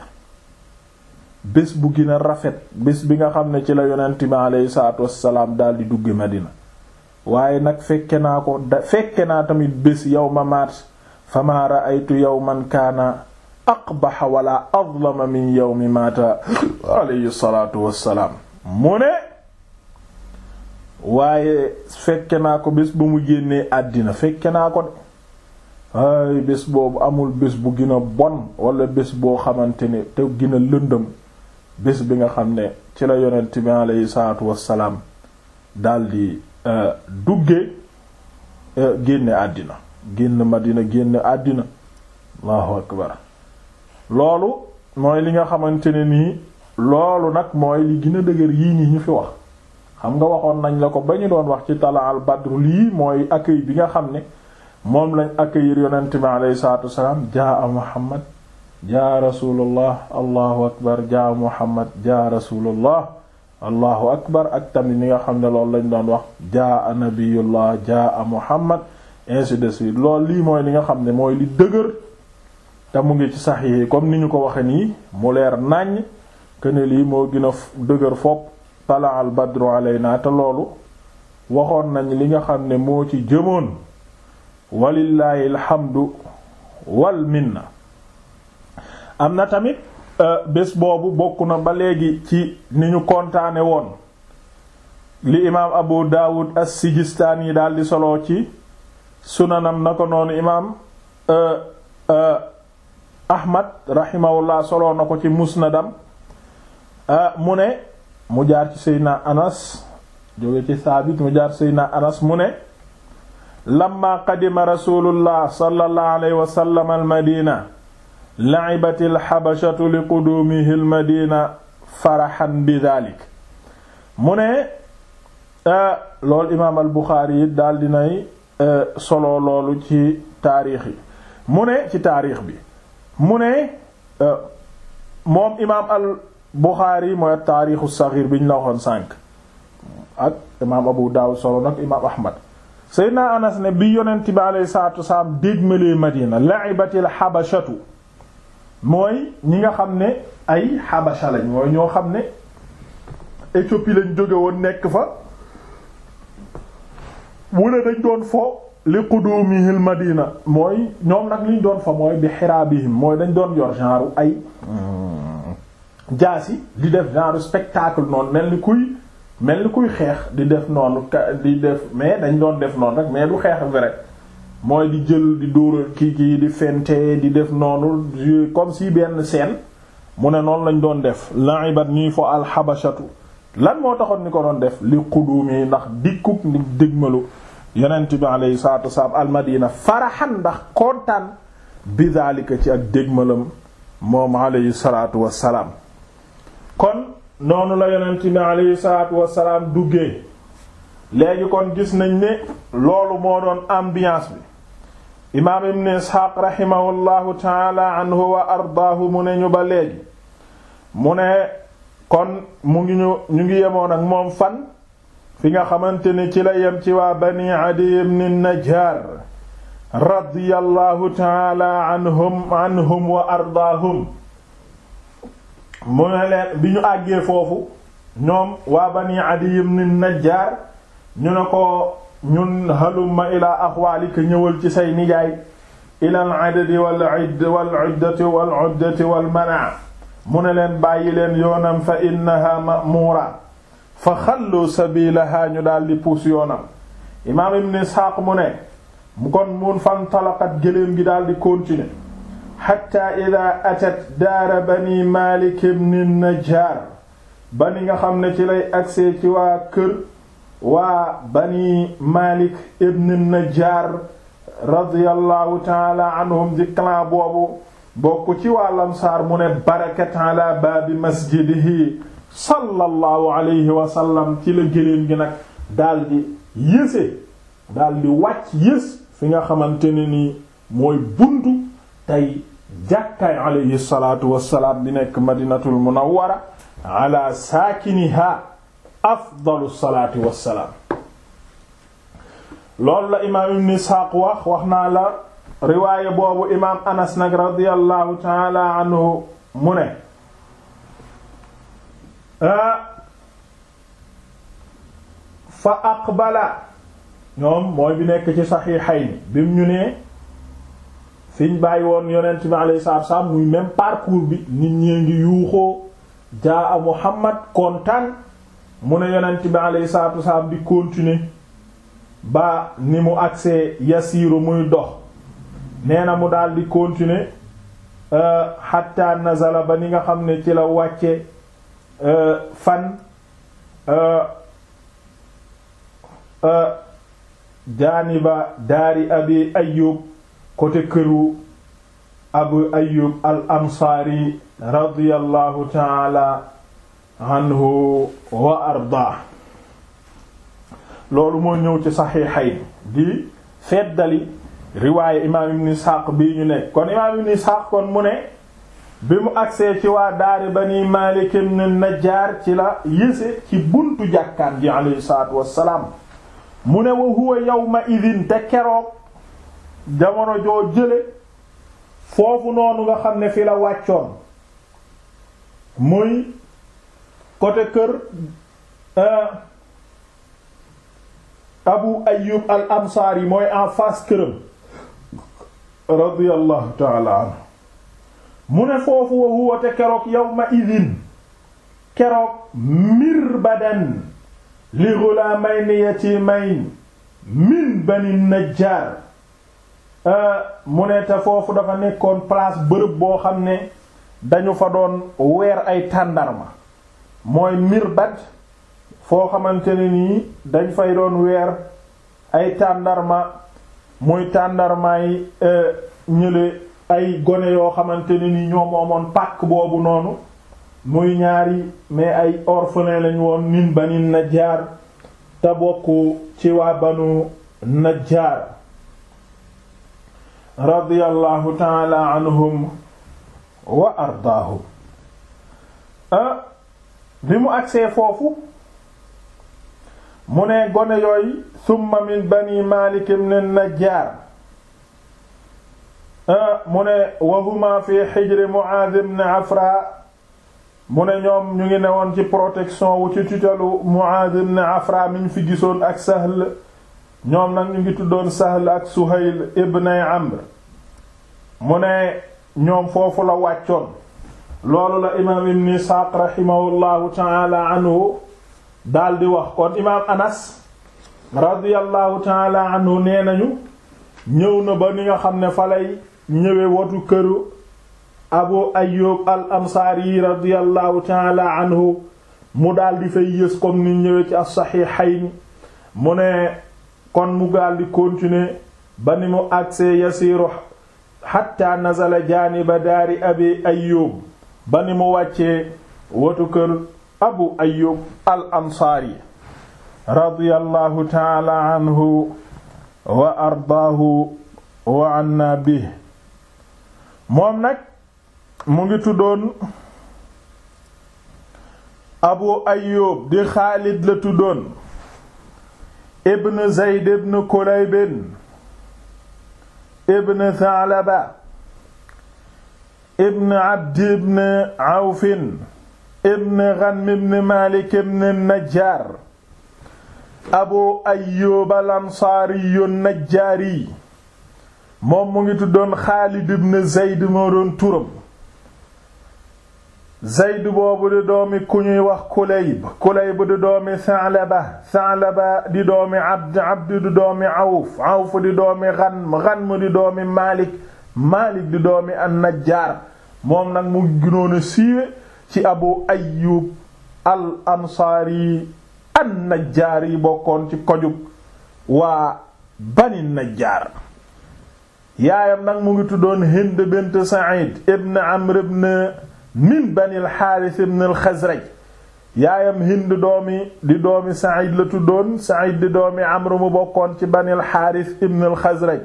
bés bu gën rafet bés bi nga xam ne ci la yonent bi alayhi salaatu wasalaam daldi dugg madina waaye nag fekke naa ko da fekke naa tamit bés yawma mars fama ra'aytu yawman kaana aqbaha wala adlama min yawmi mata alayhi salatu wassalaam mu ne waaye fekke naa ko bés bu mu génnee àddina fekke naa ko de ay bés boobu amul bés bu gën a bon wala bés boo xamante ne te gën a lëndëm bés bi nga xam ne ci la yonent bi alayhi wassalaam daldi Euh, dugge euh, génne àddina génn madina génn àddina allahu akbar loolu mooy li nga xamante ne nii loolu nag mooy li gën a dëgër yii nii ñu fi wax xam nga waxoon nañ la ko ba ñu doon wax ci talaal badru lii mooy accueil bi nga xam ne moom lañ accueillir yonent bi aleyhi salaatu wasalaam jaa muhammad jaa rasulullah allahu akbar jaa muhammad jaa rasulullah allahu akbar ak tamit ni nga xam ne loolu lañ doon wax jaa nabiyullah jaa muhammad ainsi de suite loolu lii mooy li nga xam ne mooy li dëgër te mu ngi ci sax yi comme ni ñu ko waxe nii mu leer nàññ këne lii moo gën dëgër fopp tala al badru alayna te loolu waxoon nañ li nga xam ne moo ci jëmoon walillaahi alhamdu wal minna am na tamit Euh, bés boobu bokk na ba léegi ci ni ñu kontaane woon li imaam abu daawud as-sijistaani daal di soloo ci sunanam na ko noonu imaam euh, euh, ahmad rahimahullah soloo na ko ci musnadam mu ne mu jaar ci seydna anas jóge ci saabit mu jaar seydna anas mu ne lamma qadima rasulullah sallallahu alayhi wa al madina la'ibati alxabashatu li quduumihi almadina faraxan bi daalik mu ne euh, loolu imaam daal dinay euh, solo loolu ci taarix mu ne ci taarix bi mu ne euh, moom imaam al buxaari mooy taarixu saxiir bi ñu la waxoon sànq ak imaam abu daawud solo nag imaam ahmad seydna anas ne bi yonent bi alayhi salaatu wasalaam dégmalee madina la'ibatil habashatu mooy ñi nga xam ne ay xabasa lañ mooy ñoo xam ne Éthiopie lañ jóge woon nekk fa wala dañ doon fo li qudumihil madina mooy ñoom nag liñ doon fa mooy bi xiraabihim mooy dañ doon yor genre ay jaasi di def genre spectacle noon mel ni kuy mel ni kuy xeex di def noonu di def mais dañ doon def noon rek mais du xeex vrai mooy di jël di dóoral kii kii di fente di def noonu comme si benn seen mu ne noonu lañ doon def la'ibat ñuy fo alxabashatu lan moo taxoon ni ko doon def li qudumi ndax dikkub ni dégmalu yonent bi alayhi salaatu wasalaam almadina faraxan ndax kontaan bi daalika ci ak dégmalam moom alayhi salaatu wasalaam kon noonu la yonent bi alayhi salaatu wasalaam duggee léegi kon gis nañ ne loolu moo doon ambiance bi imaam ibn isxaaq raximahullahu taala wa ardaahu mu ne ñu ba léegi mu ne kon mu ngi ñu ñu ngi yemoon ak moom fan fi nga xamante ni ci la yem ci waa bani adi ibn najjar radiyallahu taala wa ardaahum mu ne leen bi ñu àggee foofu ñoom waa bani adi ibn najjar ñu ne ko ñun halumma ilaa axwaalika ñëwal ci say nijaay ilal adadi wal wal iddati wal uddati mu ne leen bàyyi leen yoonam fa innaha ma'muura fa xallu sabilaha ñu daldi puus yoonam imaam ibn isxaaq mu ne mu kon mun fantalaqat gëléem gi daldi continuer xatta ida atat daara bani maalik ibn najjaar ba ni nga xam ne ci lay agsee ci waa kër waa bani malik ibn najjar radiyallahu taala anhum di clan boobu bokk ci waa lamsaar mu ne barakat ala baabi masjidihi sallallahu alayhi wa sallam ci la gëléem gi nag daldi yése daldi wàcc yés fi nga xamante ne ni mooy buntu tey jàkkaay alayhi salaatu wassalaam di nekk madinatul munawwara ala saakiniha afdalu salaati wassalaam loolu la imaam ibn Isxaaq wax wax naa la riwaayé boobu imaam Anas nag radiyallahu taala mu ne ah, fa aqbala ñoom mooy bi nekk ci saxiixayni bim ñu ne fiñ bàyyi woon yonent bi alayhi salaatu muy même parcours bi nit ñee ngi yuuxoo jaa a Muhammad kontaan mu ne yonent bi alayhi salaatu wasalaam di continuer ba ni mu agsee yasiiru muy dox nee mu daal di continuer euh, hatta nazala ba ni nga xam ne ci la wàcce euh, fan euh, jaaniba daari abi ayub côté këru abu ayub al ansaari radiyallahu taala anhu loolu moo ñëw ci saxiixayn di feddali riwaaye imaam ibn Isxaaq bii ñu nekk kon imaam ibn Isxaaq kon mu ne bi mu agsee ci waa daari bani Maalik ibn Najjaar ci la yése ci buntu jàkkaan ji alayhi salaatu wassalaam mu ne wa huwa yawma idin te keroog jamono joo jële foofu noonu nga xam ne fi la wàccoon muy côté kër euh, Abu Ayyub al Ansari mooy en face këram radiyallahu taala anhu mu ne foofu wa huwa te keroog yawma idin keroog mirbadan li ci yatimayn min bani najjar euh, mu ne te foofu dafa nekkoon place bërëb boo xam ne dañu fa doon weer ay tàndarma mooy mirbad foo xamante ne nii dañ fay doon weer ay tàndarma muy tàndarmaay e, ñële ay gone yoo xamante ne nii ñoo moomoon boobu noonu muy ñaari mais ay orphelin lañ woon min bani najjaar te bokk ci waa banu najjaar radiyallahu taala anhum wa ardaahum ah, bi mu agsee foofu mu ne gone yooyu summa min bani Maalik ibn Najjaar ah, mu ne wa fi xijri Muaaz ibn Afra mu ne ñoom ñu ngi newoon ci protection wu ci tutalu Muaaz ibn Afra miñ fi gisoon ak Sahl ñoom nag ñu ngi tuddoon Sahl ak Suhayl ibn Amr mu ne ñoom foofu la wàccoon loolu la imaam ibn Isaaq rahimahullahu taala anhu daal wax kon imaam Anas radiyallahu taala anhu nee nañu ñëw na ba ni xam ne falay ñëwe watu këru Abu Ayyub al Ansaari radiyallahu taala anhu mu daldi di fay yës comme ni ñëwee ci as-Sahihayn mu ne kon mu daal di ba ni mu agsee yasiiru hatta nazala jaaniba daari Abi Ayyub ba ni mu wàccee watu kër abu ayub al ansaari radiyallahu taala anhu wa ardaahu wa anna bi moom nag mu ngi tuddoon abu ayub di xaalid la tuddoon ibn zeyd ibn kulaybin ibn thalaba ibn abd ibn awfin ibn ghanm ibn malik ibn najjar abu ayyub al ansaari najjaari moom mu ngi tuddoon xaalid ibn zayd moo doon turam zayd boobu di doomi ku ñuy wax kulayb kulayb di doomi sa'laba sa'laba di doomi awf awf di doomi ghanm di doomi malik Maalik di doomi an-Najjaar moom nag mu gënoon a siiwe ci Abu Ayyub al-Ansaari an-Najjaar yi bokkoon ci kojug waa Bani Najjaar yaayam nag mu ngi tuddoon Hind bint Sa'id ibn Amr ibn min Bani al-Haaris ibn al-Xasraj yaayam Hind doomi di doomi Sa'id la tuddoon Sa'id di doomi Amr mu bokkoon ci Bani al-Haaris ibn al-Xasraj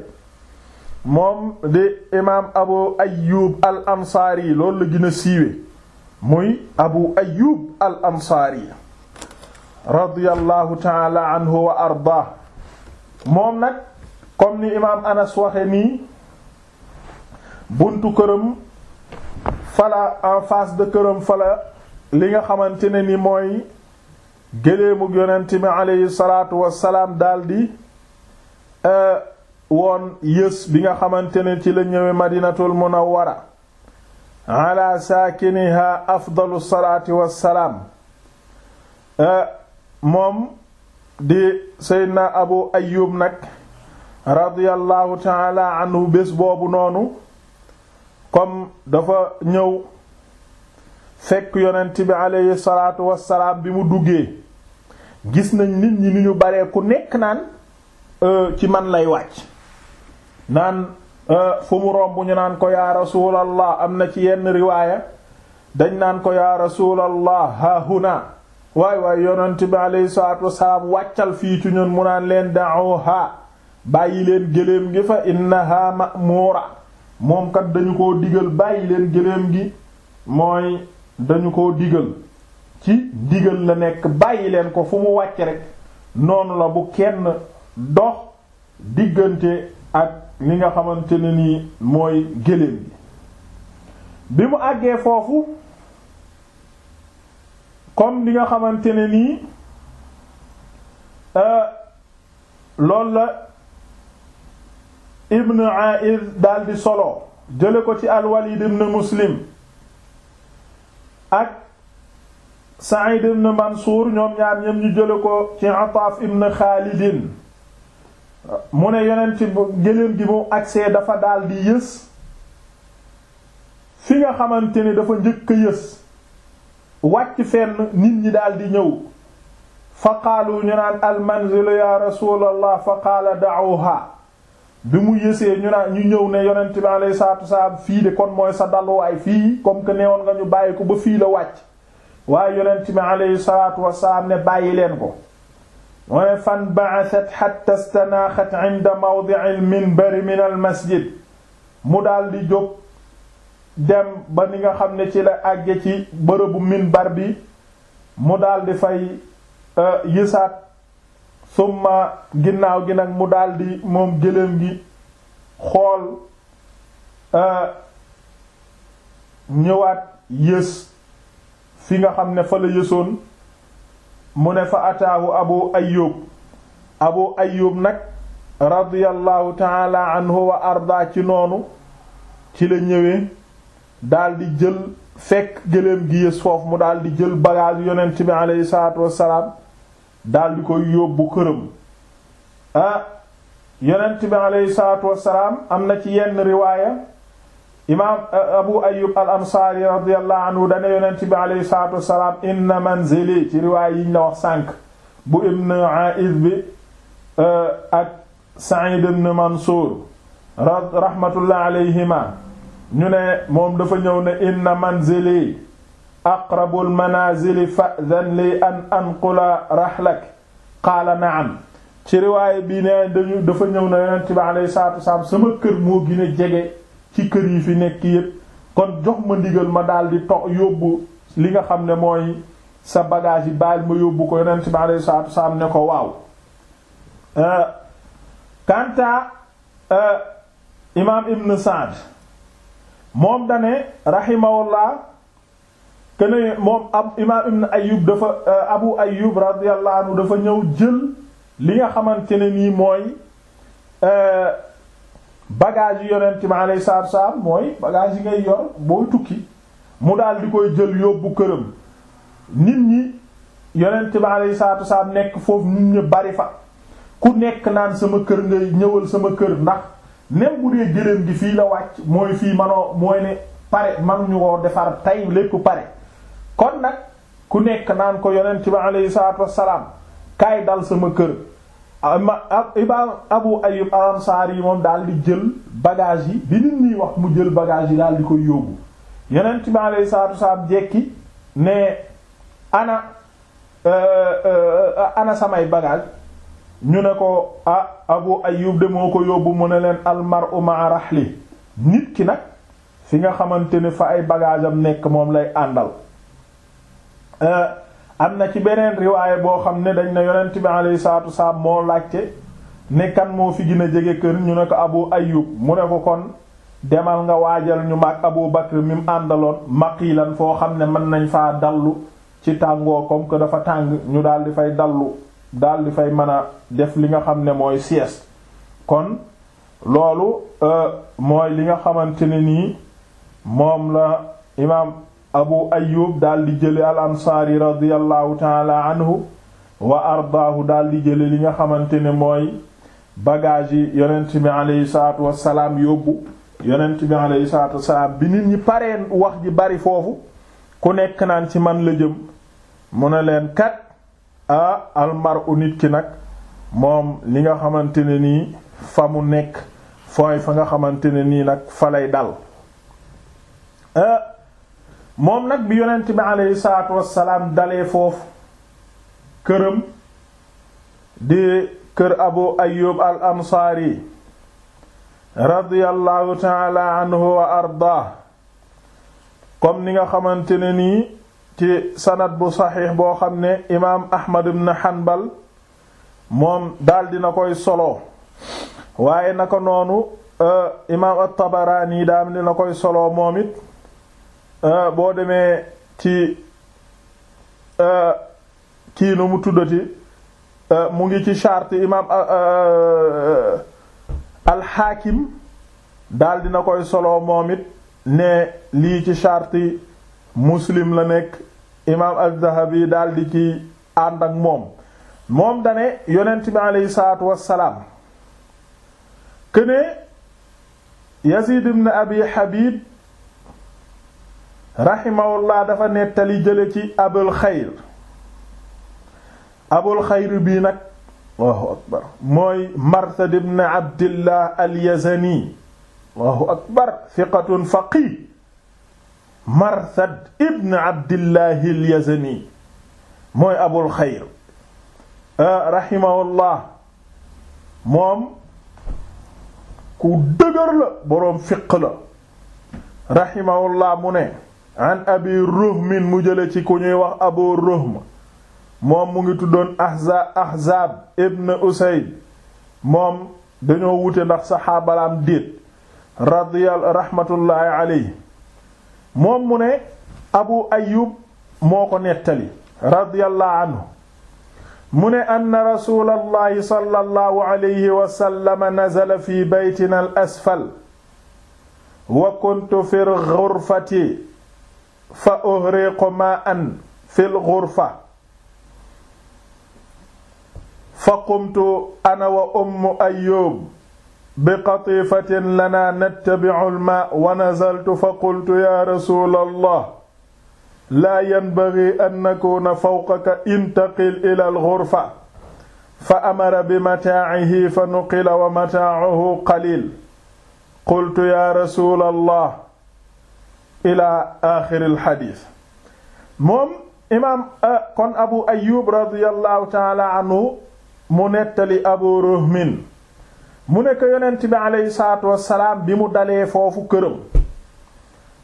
moom di imaam abu ayub al ansaari loolu la gën a siiwe muy abu ayub al ansaari radiyallahu taala anhu wa ardaa moom nag comme ni imaam anas waxe nii buntu këram fala en face de këram fala li nga xamante ne ni mooy géléemug yonent mi aleyhi salaatu wassalaam daldi euh, won yës bi nga xamante ne ci la ñëwee madinatul munawwara ala saakiniha afdalu salaati wassalaam eh, moom di seydna abu ayyub nag radiyallahu taala anhu bés boobu noonu comme dafa ñëw fekk yonent bi aleyhi salaatu wassalaam bi mu duggee gis nañ nit ñi ni ñu baree ku nekk naan eh, ci man lay wàcc naan euh, fu mu romb ñu naan ko yaa rasulallah am na ci yenn riwaaya dañ naan ko yaa rasulallah hahuna waay waay yonent bi alayhi salaatu wasalaam wàccal fii ci ñun mu naan leen da'uha bàyyi leen gëléem gi fa innaha ma'muura moom kat dañu koo digal bàyyi leen gëléem gi mooy dañu koo digal ci digal la nekk bàyyi leen ko fu mu wàcc rek noonu la bu kenn dox diggante ak li nga xamante ne nii mooy gëléem bi mu àggee foofu comme li nga xamante ne nii euh, loolu la ibn Aiz daldi solo jële ko ci al-Walid ibn Muslim ak Sa'id ibn Mansour ñoom ñaar ñoom ñu jële ko ci Ataf ibn Khalid mu ne yonent gëléem gi moom agsee dafa daldi di yës fi nga xamante ni dafa njëkk a yës wàcc fenn nit ñi daal di ñëw fa qaalu ñu naan almanzilu ya rasulallah fa qaala da'uha bi mu yësee ñu naan ñu ñëw ne yonent bi alayhi salaatu wasalaam fii de kon mooy sa dalluwaay fii comme que neewoon nga ñu bàyyi ko ba fii la wàcc waaye yonent bi alayhi salaatu wasalaam ne bàyyi leen ko mu ne fan ba'athat hatta istanaaxat 'inda mawdi'il minbari min al masjid mu daldi di jóg dem ba ni nga xam ne ci la àgge ci bërëbu minbar bi mu daldi fay e, yisaat summa ginnaaw gi nag mu daldi moom gëléem gi xool e, ñëwaat yës fi nga xam ne fa la yësoon mu ne fa ataahu abu ayyub abu ayyub nag radiyallahu taala anhu wa arda ci noonu ci la ñëwee daldi jël fekk gëléem gi yées foofu mu daldi jël bagage yonent bi aleyhi salaatu wassalaam daldi koy yóbbu këram ah yonent bi aleyhi salaatu wassalaam am na ci yenn riwaaya imaam uh, abu ayub al ansaari radiyallahu anhu dana yonent bi alayhi salaatu wassalaam inna manzili ci riwaay yiñ la wax sànq bu ibn aiz bi uh, ak sa'id ibn mansuur rahmatullah alayhima ñu ne moom dafa ñëw ne inna manzili aqrabul manazili fa'dhan li an anqula rahlak qaala na'am ci riwaay bi ne dañu dafa ñëw ne yonent bi alayhi salaatu wassalaam sama kër moo gën a jege ci kër yi fi nekk yépp kon jox ma ndigal ma daal di to yóbbu li nga xam ne mooy sa bagage yi baal ma yóbbu ko yonent bi alayhi salaatu wasalaam ne ko waaw euh, kanta euh, imaam ibn Saad moom dane rahimahullah kene moom ab imaam ibn Ayyub dafa euh, Abu Ayyub radiyallahu dafa ñëw jël li nga xamante ne nii mooy bagage yi yonent bi alayhi salaatu wassalaam mooy bagage yi ngay yor booy tukki mu daal di koy jël yóbbu këram nit ñi yonent bi alayhi salaatu wassalaam nekk foofu nit ñi bari fa ku nekk naan sama kër ngay ñëwal sama kër ndax même bu dee gëléem gi fii la wàcc mooy fii manoo mooy ne pare manuñu ko defar tay lépp pare kon nag ku nekk naan ko yonent bi alayhi salaatu wassalaam kaay dal sama kër Ah, imaam Abu Ayyub al-Ansari yi moom daal di jël bagage yi bi nit ñi wax mu jël bagage yi dal di koy yóbbu yeneen bi aleyhi salaatu wasalaam jekki ne ana euh, euh, euh, ana samay bagage ñu ne ko ah Abu Ayyub de moo ko yóbbu mu ne leen al-mar'u ma'a rahli nit ki nag fi nga xamante ne fa ay bagage nekk moom lay àndal am na ci beneen riwaaye boo xam ne dañ ne yonent bi alayhi salaatu wasalaam moo laajte ne moo fi gën a jege kër ñu ne ko Abu Ayyub mu ne ko kon demal nga waajal ñu mag Abu Bakr mi mu àndaloon maqiilan foo xam ne mën nañ faa dallu ci tàngoo comme que dafa tàng ñu daal di fay dallu daal di fay mën a def li nga xam ne mooy sieste kon loolu euh, mooy li nga xamante ne nii moom la imaam abu ayub daldi jële al ansaari radiallahu taala anhu wa ardaahu daldi jële li nga xamante ne mooy bagage yi yonent bi aleyhi salaatu wasalaam yóbbu yonent bi aleyhi salaatu wasalaam bi nit ñi pareen wax ji bari foofu ku nekk naan ci man la jëm mu ne leen kat a almaru nit ki nag moom li nga xamante ne nii fa mu nekk fooy fa nga xamante ne nii nag fa lay dal moom nag bi yonent bi aleyhi salaatu wassalaam dalee foofu këram di kër abu ayub al ansaari radiyallahu taala anhu wa arda comme ni nga xamante ne nii ci sanad bu saxiix boo xam ne imaam ahmad ibn hanbal moom daldi na koy solo waaye naka noonu euh, imaam at-tabaraani daam dina koy solo moom it Euh, boo demee ci euh, kii nu mu tuddati euh, mu ngi ci charte imaam alxaakim daal dina koy solo moom it ne lii ci charte muslim la nekk imaam az-Zahabi di ci ànd ak moom moom dane yonent bi aleyhi salaatu wassalaam këne Yazid ibn Abi Habib raximahullah dafa nettali jële ci abul xayr abul xayr bii nag allahu akbar mooy marsad ibn abdillah alyazani allahu akbar thiqatun faqih marsad ibn abdillah alyazani mooy abul xayr ah, raximahullah moom ku dëgër la boroom fiq la raximahullah mu ne an abi ruhmin mu jële ci ku ñuy wax abu ruhm moom mu ngi tuddoon ahzab ibn usayd moom dañoo wute ndax saxaabalaam déet radiyal moom mu ne abu ayub moo ko nettali radiyallahu mu ne anna rasulallahi sallallahu alayhi wa sallam fi baytina al asfal wa kuntu fi ghurfati fa uhriqu ma'an fil ghurfa fa qumtu ana wa ummu ayyub bi qatifatin lana nattabi'u al-ma wa nazaltu fa qultu ya rasul allah laa yanbaghi an nakuna fawqaka intaqil ila al-ghurfa fa amara bi mataa'ihi fa nuqila wa mataa'uhu qalil qultu ya rasul allah ila axiril xadiis moom imaam ah, kon abu ayub radiyallahu taala anhu mu nettali abu ruhmin mu nekk yonent bi aleyhi salaatu wassalaam bi mu dalee foofu këram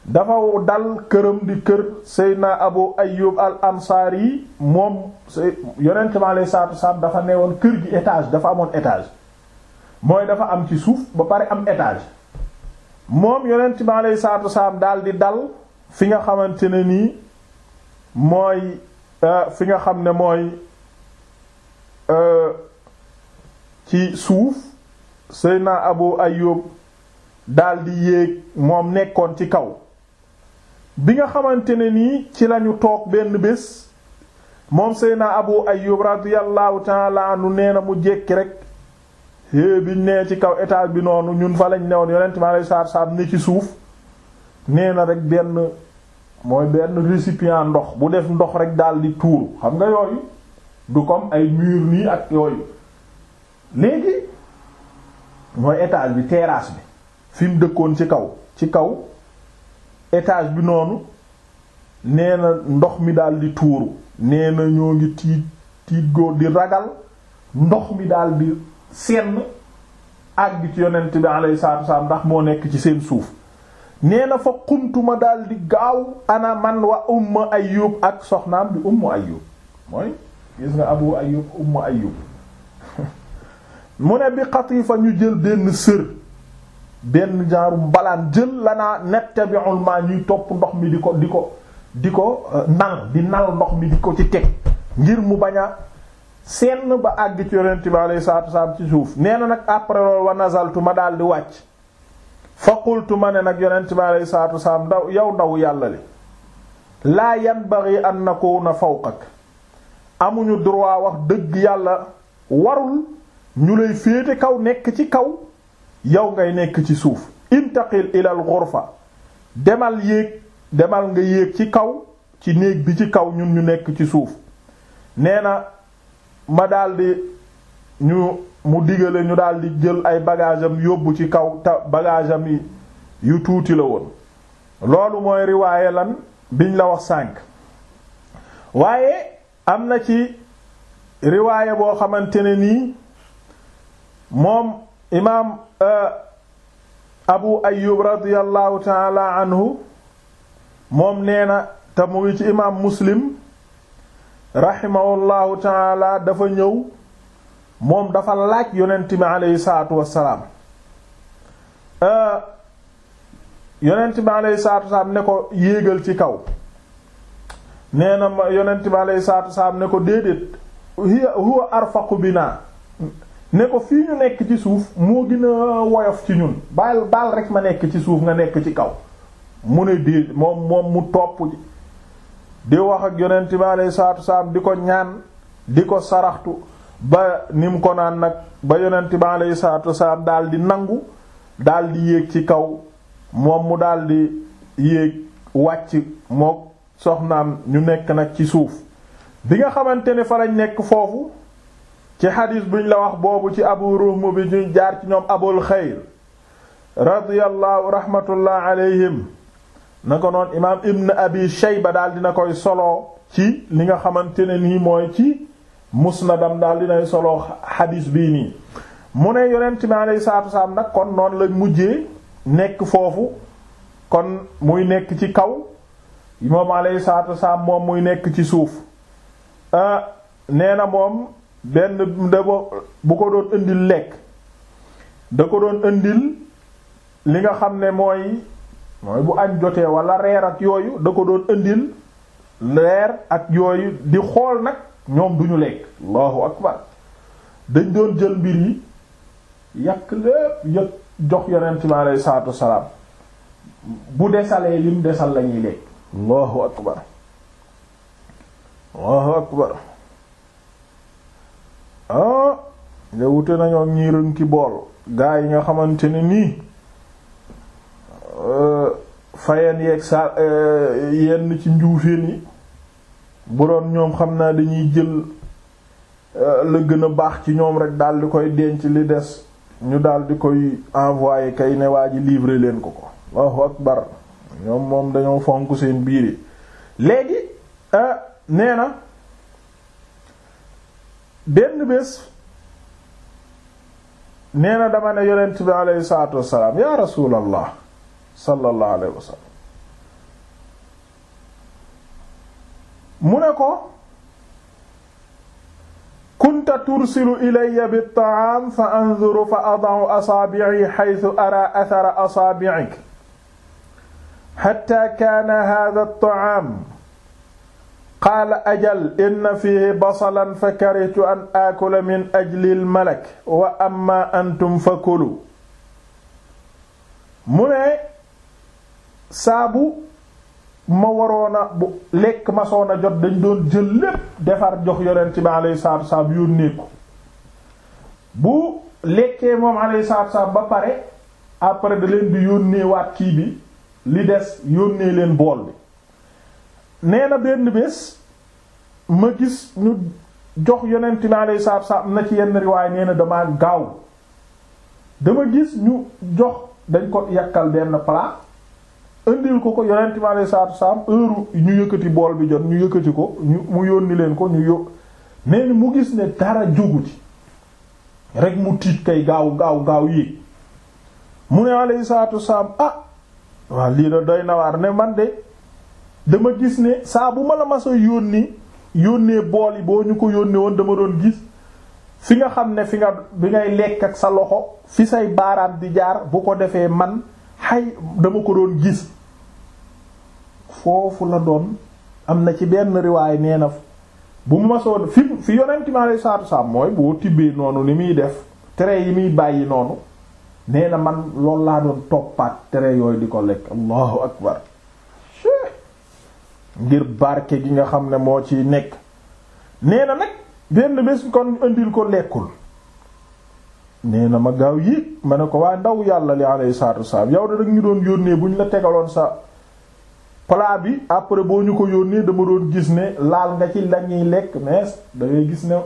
dafa dal këram di kër seydna abu ayub al ansaari yi moom yonent bi aleyhi salaatu wassalaam dafa neewoon kër gi étage dafa amoon étage mooy dafa am ci suuf ba pare am étage moom yonent bi alayhi salaatu wasalaam daal di dal fi nga xamante ne nii mooy euh, fi nga xam ne mooy euh, ci suuf Seydina Abu Ayyub daal di yéeg moom nekkoon ci kaw bi nga xamante ni nii ci lañu toog benn bés moom na Abu Ayyub radiyallahu ta'ala anhu nee na mu jékki rekk é biñ nee ci kaw étage bi noonu ñun fa lañ newoon yonent ma lay saar saab ne ci suuf nee na rek benn mooy benn récipient ndox bu def ndox rek daal di tuuru xam nga yooyu du comme ay mur nii ak yooyu léegi mooy étage bi terrasse bi fi mu dëkkoon ci kaw ci kaw étage bi noonu nee na ndox mi daal di tuuru nee na ñoo ngi tiit tiit góor di ragal ndox mi daal di senn àgg ci yonent bi alayhi salaatu ndax moo nekk ci seen suuf nee na fa xumtuma daal di gaaw ana man wa umm ayub ak soxnaam bi umm ayub mooy gis nga abu ayub umm ayub mu ne bi xatiifa ñu jël benn sër benn jaaru mbalaan jël lanaa nettabi'ul ma ñuy topp ndox mi di ko di ko di ko euh, nal di nal ndox mi di ko ci teg ngir mu baña senn ba àgg ci yonent bi alayhi salaatu wasalaam ci suuf nee na nag après loolu wa nazaltu ma daal di wàcc fa qultu ma ne nag yonent bi alayhi salaatu wasalaam daw yow ndaw yàlla li laa yanbaghi an nakuna fawqak amuñu droit wax dëgg yàlla warul ñu lay féete kaw nekk ci kaw yow ngay nekk ci suuf intaqil ilal ghurfa demal yéeg demal nga yéeg ci kaw ci néeg bi ci kaw ñun ñu nekk ci suuf nee na ma daldi ñu mu digale ñu daldi jël ay bagage yóbbu ci kaw ta bagage yi yu tuuti la woon loolu mooy riwaaye lan biñ la wax sànq waaye am na ci riwaaye boo xamante ne nii moom imaam euh, abu ayyub radiyallahu taala anhu moom nee te mu ngi ci imaam muslim rahimahullahu taala dafa ñëw moom dafa laaj yonent bi aleyhi salaatu salaam euh, yonent bi aleyhi salaatu wassalaam ne ko yéegal ci kaw nee na ma yonent bi aleyhi salaatu wassalaam ne ko déedéet hiya huwa arfaqu bina ne ko fii ñu nekk ci suuf moo gën a woyof ci ñun baal baal rek ma nekk ci suuf nga nekk ci kaw mu ne déet moom moom mu topp di wax ak yonent bi alayhi salaatu wasalaam di ko ñaan di ko saraxtu ba nim ko naan nag ba yonent bi alayhi salaatu wasalaam daldi nangu daldi yéeg ci kaw moom mu daldi yéeg wàcc mook soxnaam ñu nekk nag ci suuf bi nga xamante ne fa nekk foofu ci xadis buñ la wax boobu ci abu ruhm bi ñuy jaar ci ñoom abul xayr radiyallahu rahmatullah alayhim na ko noon imaam ibn abi shayba daal dina koy solo ci li nga xamante ne nii mooy ci dam daal dinay solo xadiis bii nii mu ne yonent bi alayhi salaatu wasalaam nag kon noonu la mujjee nekk foofu kon muy nekk ci kaw moom alayhi salaatu wasalaam moom muy nekk ci suuf ah, nee na moom benn bu ko doon indil lekk da ko doon indil li nga xam ne mooy mooy bu añ jotee wala reer ak yooyu da ko doon indil leer ak yooyu di xool nag ñoom duñu lekk allahu akbar dañ doon jël mbir yi yàq lépp yëpp jox yonent mi aleyhi salaatu wasalaam bu desalee lim desal lañuy lekk allahu akbar allahu akbar ah nga wute nañoo ñiiruñ ci bool gaa yi nga xamante ne nii Euh, fayeen yeeg sa euh, yenn ci njuufeen yi bu doon ñoom xam naa dañuy jël euh, la gën a baax ci ñoom rek daal di koy denc li des ñu daal di koy envoyer kay ne waa ji livrer leen ko ko Allahu akbar ñoom moom dañoo fonk seen biir yi léegi nee na benn bés nee na dama ne yonent bi aleyhi salaatu wassalaam yaa rasuulallah sallallahu alayhi wa sallam mu ne ko kunta tursilu ilayya bit-ta'am fa anzuru fa ada'u asaabi'i haythu ara athara asaabi'ik hatta kana hadha at-ta'am qaala ajal inna fihi basalan fa karihtu an aakula min ajli al-malak wa amma antum fakulu mu ne saabu ma waroon a bu lekk ma soon a jot dañ doon jël lépp defar jox yonent bi alayhi salaatu wasalaam yónnee ko bu lekkee moom alayhi salaatu wasalaam ba pare après da leen bi yónnee waat kii bi li des yónnee leen bool bi nee na benn bés ma gis ñu jox yonent bi alayhi salaatu wasalaam na ci yenn riwaay nee na damaa gaaw dama gis ñu jox dañ ko yàkkal benn plat indil ko ko yonent bi alayhi salaatu salaam ñu yëkkati bool bi jot ñu yëkkati ko ñu mu yónni leen ko ñu yó nee mu gis ne dara jógu ci rek mu tiit kay gaaw gaaw gaaw yéeg mu ne alayhi salaatu ah waaw lii da doy nawaar ne man de dama gis ne saa bu ma la ma a yónni yónnee bool yi boo ñu ko yónnee woon dama doon gis fi nga xam ne fi nga bi ngay lekk ak sa loxo fi say baaraam di jaar bu ko defee man xay dama ko doon gis foofu la doon am na ci benn riwaay nee na bu mu masoon fi fi yonent mi alayhi salaatu salaam mooy boo tibbee noonu ni muy def tere yi muy bàyyi noonu nee na man lool laa doon toppaat tere yooyu di ko lekk allahu akbar ngir barke gi nga xam ne moo ci nekk nee na nag benn bés kon indil ko lekkul nee na ma gaaw yéeg ma ne ko waaye ndaw yàlla li alayhi salaatu salaam yow da dag ñu doon yónnee bu ñu la tegaloon sa plat bi après boo ñu ko yónnee dama doon gis ne laal nga ci lañuy lekk mais da gis ne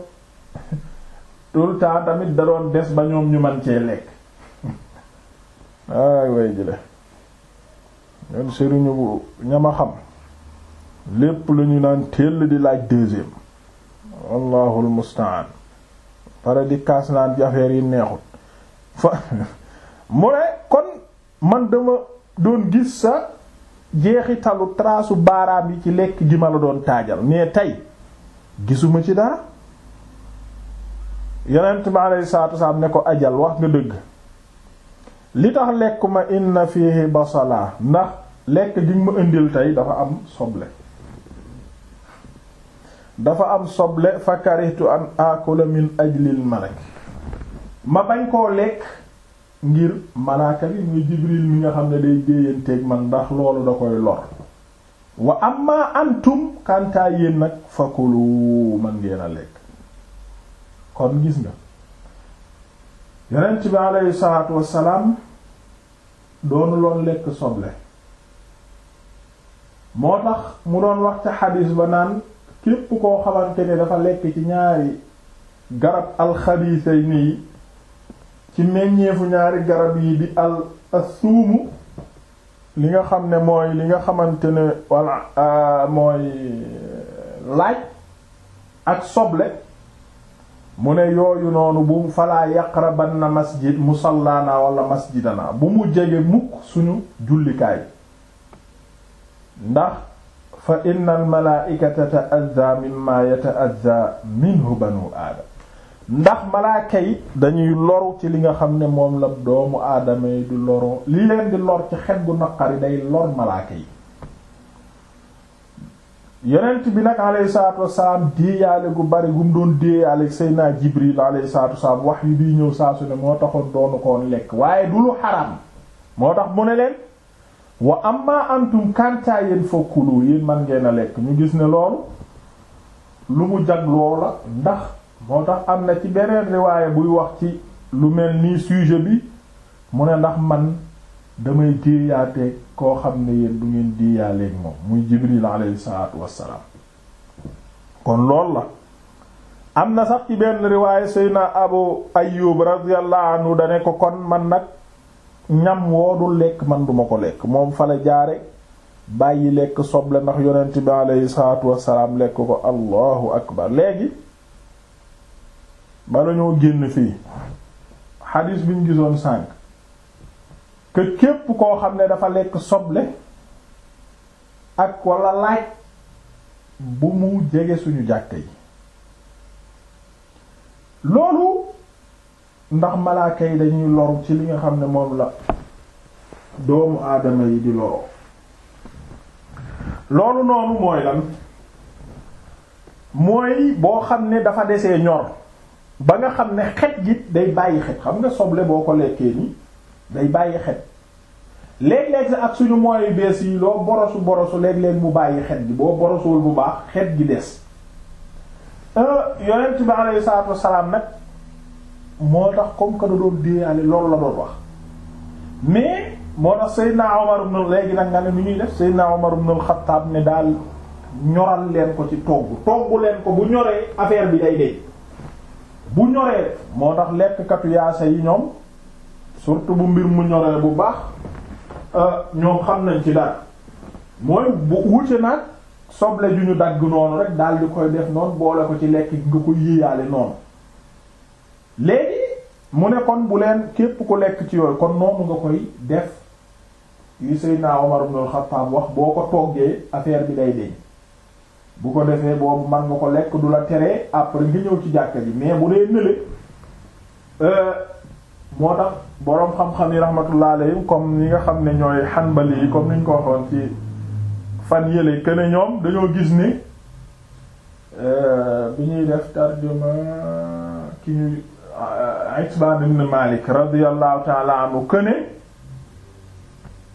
tout tamit da doon des ba ñoom ñu man cee lekk ay way jële ñun sëriñu bu ñama xam lépp la ñu naan teel di laaj deuxième wallahul mustaan pare di kaas naan ci affaire yi neexut fa mu ne kon man dama doon gis sa jeexi talu taraasu baaraam yi ci lekk gi ma la doon taajal mais tey gisuma ci dara yonent bi aleyhi salaatu ne ko ajal wax nga dëgg li tax lekk ma inna fihi basala ndax lekk gi ma indil tey dafa am soble dafa am soble fa karihtu an akula min ajlil malak ma bañ koo lekk ngir malaaka bi muy jibril mi nga xam ne day déeyanteeg man ndax loolu da koy lor wa amma antum kantaa yéen nag fakulu man ngeen a lekk kon gis nga yonent bi aleyhi salaatu wassalaam doonu loon lekk soble moo tax mu doon wax ca xadiis ba naan képp koo xamante ne dafa lekk ci ñaari garab alxadiisay nii ci meññeefu ñaari garab yi bi al assuumu li nga xam ne mooy li nga xamante ne walla euh, mooy euh, laaj ak soble mu ne yooyu noonu bu falaa yaqrabanna masjid musallaanaa wala masjidanaa bu mu jege mukk suñu jullikaay ndax fa inna al malaaikata ta'addaa mimmaa minhu banu aadam ndax malaaka yi dañuy loru ci li nga xam ne moom la doomu aadama yi di loro li leen di lor ci xet gu naqari day lor malaaka yi yonent bi nag alayhi salaatu wasalaam déeyaale gu bari gu doon déeyaale Seydina Jibril alayhi salaatu wasalaam wax yu biy ñëw saa ne moo taxoon doonu koon lekk waaye du lu xaram moo tax mu ne leen wa amma antum kantaa yéen fokkulu yéen man ngeen a lekk ñu gis ne loolu lu mu jag loola ndax moo tax am na ci beneen riwaaya buy wax ci lu mel nii sujet bi mu ne ndax man damay diiyaate koo xam ne yéen du ngeen diiyaaleeg moom muy jibril alayhi salaatu wassalaam kon lool la am na sax ci benn riwaaya seyna abu ayyub radiyallahu anhu da ne ko kon man nag ñam woodul lekk man duma ko lekk moom fa jaare bàyyi lekk soble ndax yonent bi alayhi salaatu wassalaam lekk ko allahu akbar léegi bala ñoo génn fii xadis bi ñu gisoon sànk que képp koo xam ne dafa lekk soble ak wala laaj bu mu jege suñu jàkk yi loolu ndax malaaka yi dañuy loru ci li nga xam ne moom la doomu aadama yi di loroo loolu noonu mooy lan mooy boo xam ne dafa dese ñor ba nga xam ne xet gi day bàyyi xet xam nga soble boo ko lekkee ni day bàyyi xet léeg-léeg sa ak suñu mooy bees yi loo borosu borosu léeg-léeg mu bàyyi xet gi boo borosuwul bu baax xet gi des euh, yonent bi alayhi salaatu wassalaam nag moo tax comme que da doon déeyaale loolu la doon wax mais moo tax naa Omar nu léegi nag nga ne nu ñuy def Seydina naa ibn al-Khattab ne daal ñoral leen ko ci togg togg leen ko bu ñoree affaire bi day dee bu ñoree moo tax lekkkatu yaasa yi ñoom surtout bu mbir mu ñoree bu baax euh, ñoom xam nañ ci dara mooy bu wute nag soble ju ñu dagg noonu rek daal di koy def noonu boole ko ci lekk nga ko yéeyaale noonu léegi mu ne kon bu leen képp ku lekk ci yooyu kon noonu nga koy def yu Seydina Omar ibn al-Khattab wax boo ko toggee affaire bi day deñ bu ko defee boobu man nga ko lekk du la tere après nga ñëw ci jàkka ji mais bu dee nële euh, moo tax boroom xam-xam yi rahmatullah alayhim comme ñi nga xam ne ñooy xanbali yi comme ni ñu ko waxoon ci fan yéle que ne ñoom dañoo gis ni euh, bi ñuy def tarjuma ki ñu euh,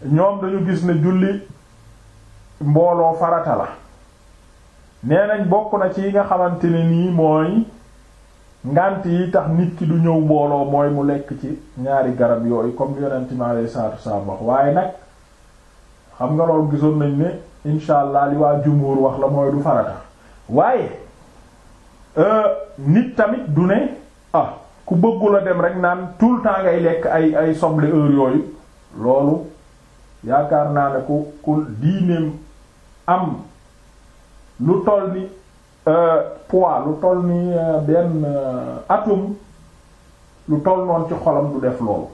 ñoom dañu gis ne julli mbooloo farata la nee nañ bokk na ci yi nga xamante ne nii mooy ngànt yi tax nit ki du ñëw mbooloo mooy mu lekk ci ñaari garab yooyu comme yonent mi alayhi salaatu wassalaam wax waaye nag xam nga loolu gisoon nañ ne insha allah li waa jumhur wax la mooy du farata waaye euh, nit tamit du ne ah ku bëggul a dem rek naan tout le temps ngay lekk ay ay soble heure yooyu loolu yaakaar naa ne ku ku diineem am lu toll ni euh, poids lu toll ni euh, benn euh, atome lu toll noonu ci xolam du def loolu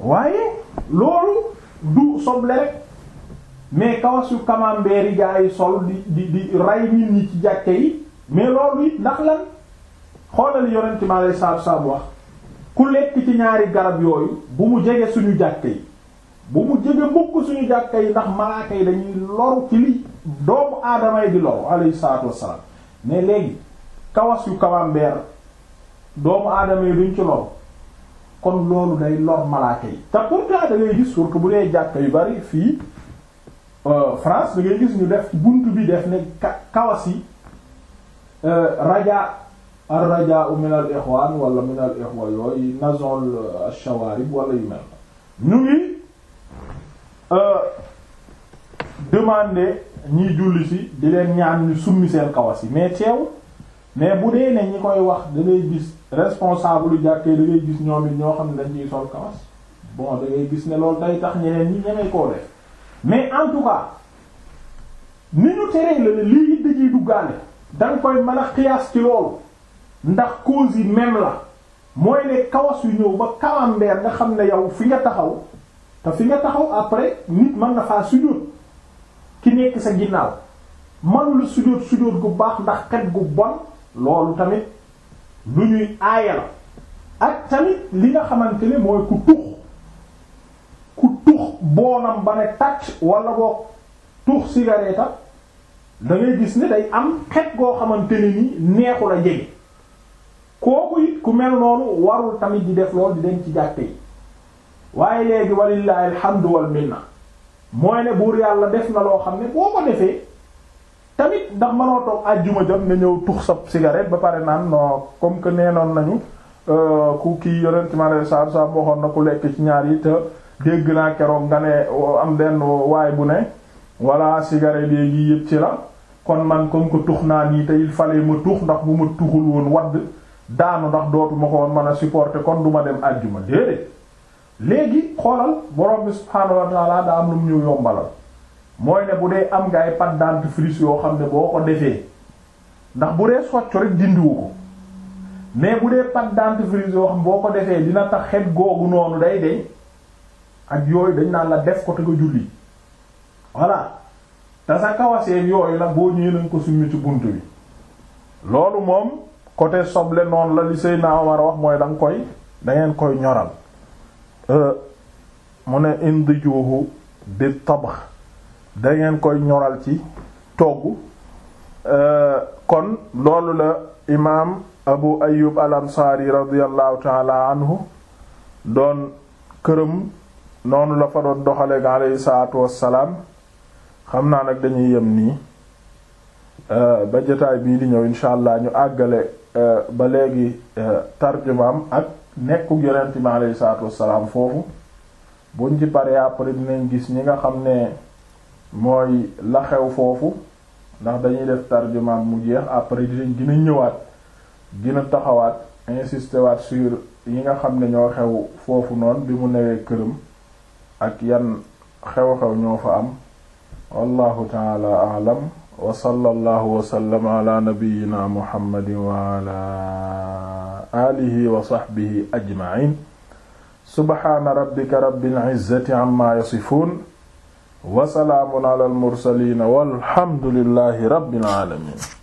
waaye loolu du soble rek mais kawas yu camembert yi yi sol di di di ray nit ñi ci jàkke yi mais loolu it ndax lan xoolal yonent ma lay saabu saabu wax ku lekk ci ñaari garab yooyu bu mu jege suñu jàkke yi bu mu jege mukk suñu jàkke yi ndax malaaka yi dañuy loru ci lii doomu aadamay di loru alayhi salaatu wassalaam mais léegi kawas yu kawambeer doomu aadama yi duñ ci loru kon loolu day lor malaaka yi te pourtant da ngay gis surtout bu dee jàkka yu bari fii euh, France da gis ñu def bunt bi def ne kawas yi euh, raja ar rajaa min al ixwaan wala min al ixwa yooyu nazol shawarib wala yu mel ñu ngi euh, demander ñiy julli si di leen ñaan ñu summi seen kawas yi mais teew mais bu dee ne ñi koy wax da gis responsable lu jàkkee da ngay gis ñoom it ñoo xam ne dañ ciy sol kawas bon da gis ne loolu day tax ñeneen ñi ñemee koo mais en tout cas ni ñu teree la ne lii it dañuy duggaale da nga koy mën a ci loolu ndax cause yi même la mooy ne kawas yu ñëw ba kamambeer nga xam ne yow fi nga taxaw te fi nga taxaw après nit mën na faa sujjóot ki nekk sa ginnaaw mënu la sujjóot sujjóot gu baax ndax xet gu bon loolu tamit lu ñuy aaya la ak tamit li nga xamante ne mooy ku tux ku tux boonam ba ne tàcc wala boo tux cigarette da gis ne day am xet goo xamante ne ni neexu la jege kooku it ku mel noonu warul tamit di def lool di dem ci jàtte yi waaye léegi walillahi alhamdu wal mooy ne buur yàlla def na loo xam ne boo ko defee tamit ndax mënoo toog àjjuma jot nga ñëw tux sa cigarette ba pare naan non comme que neenoon nañu euh, ku kii yonent mi alayhi salaatu salaam na ku lekk ci ñaar yi te dégg naa keroog nga ne euh, am benn waay bu ne walla cigarette yi yëpp ci la kon man comme que tux naa nii te il fallait ma tux ndax bu ma tuxul woon wadd daanu ndax dootuma ko woon mën a supporter kon du ma dem àjjuma déedéet. léegi xoolal borom bi subhaanahu wa taala daa am lu mu ñu yombalal mooy ne bu dee am nga ay pâte dentifrice yoo xam ne boo ko defee ndax bu dee soccu rek dindiwu ko mais bu dee pâte dentifrice yoo xam boo ko defee dina tax xet googu noonu day deñ ak yooyu dañ naan la def ko te nga julli voilà te sa kawasee yooyu nag boo ñu nañ ko summi ci bunt bi loolu moom côté soble noonu la li Seydina Omar wax mooy da koy da ngeen koy ñoral mu ne indijuhu di tabax dangeen koy ñoral ci togg euh, kon loolu la imaam abu ayub al ansaari radiallahu taala anhu doon këram noonu la fa doon doxaleeg aleyhi salaatu wassalaam xam naa nag dañuy yem nii euh, ba jotaay bii di ñëw incha allah ñu àggale euh, ba léegi tarjumaam ak nekku yonent mi alayhi salaatu wassalaam foofu buñ ci paree après dinañ gis ñi nga xam ne mooy la xew foofu ndax dañuy def tarjumaan mu jeex après dinañ gën ñëwaat gën a taxawaat insister waat sur yi nga xam ne ñoo xew foofu noonu bi mu newee këram ak yan xew-xew ñoo fa am wallahu taala alam wa sallallahu wa sallama ala nabiyyina muhammadin wa ala alihi wa sahbihi ajma'in subhaana rabbika rabbil izzati amma yasifun wa salaamun ala al mursalin walhamdulillahi rabbil alamin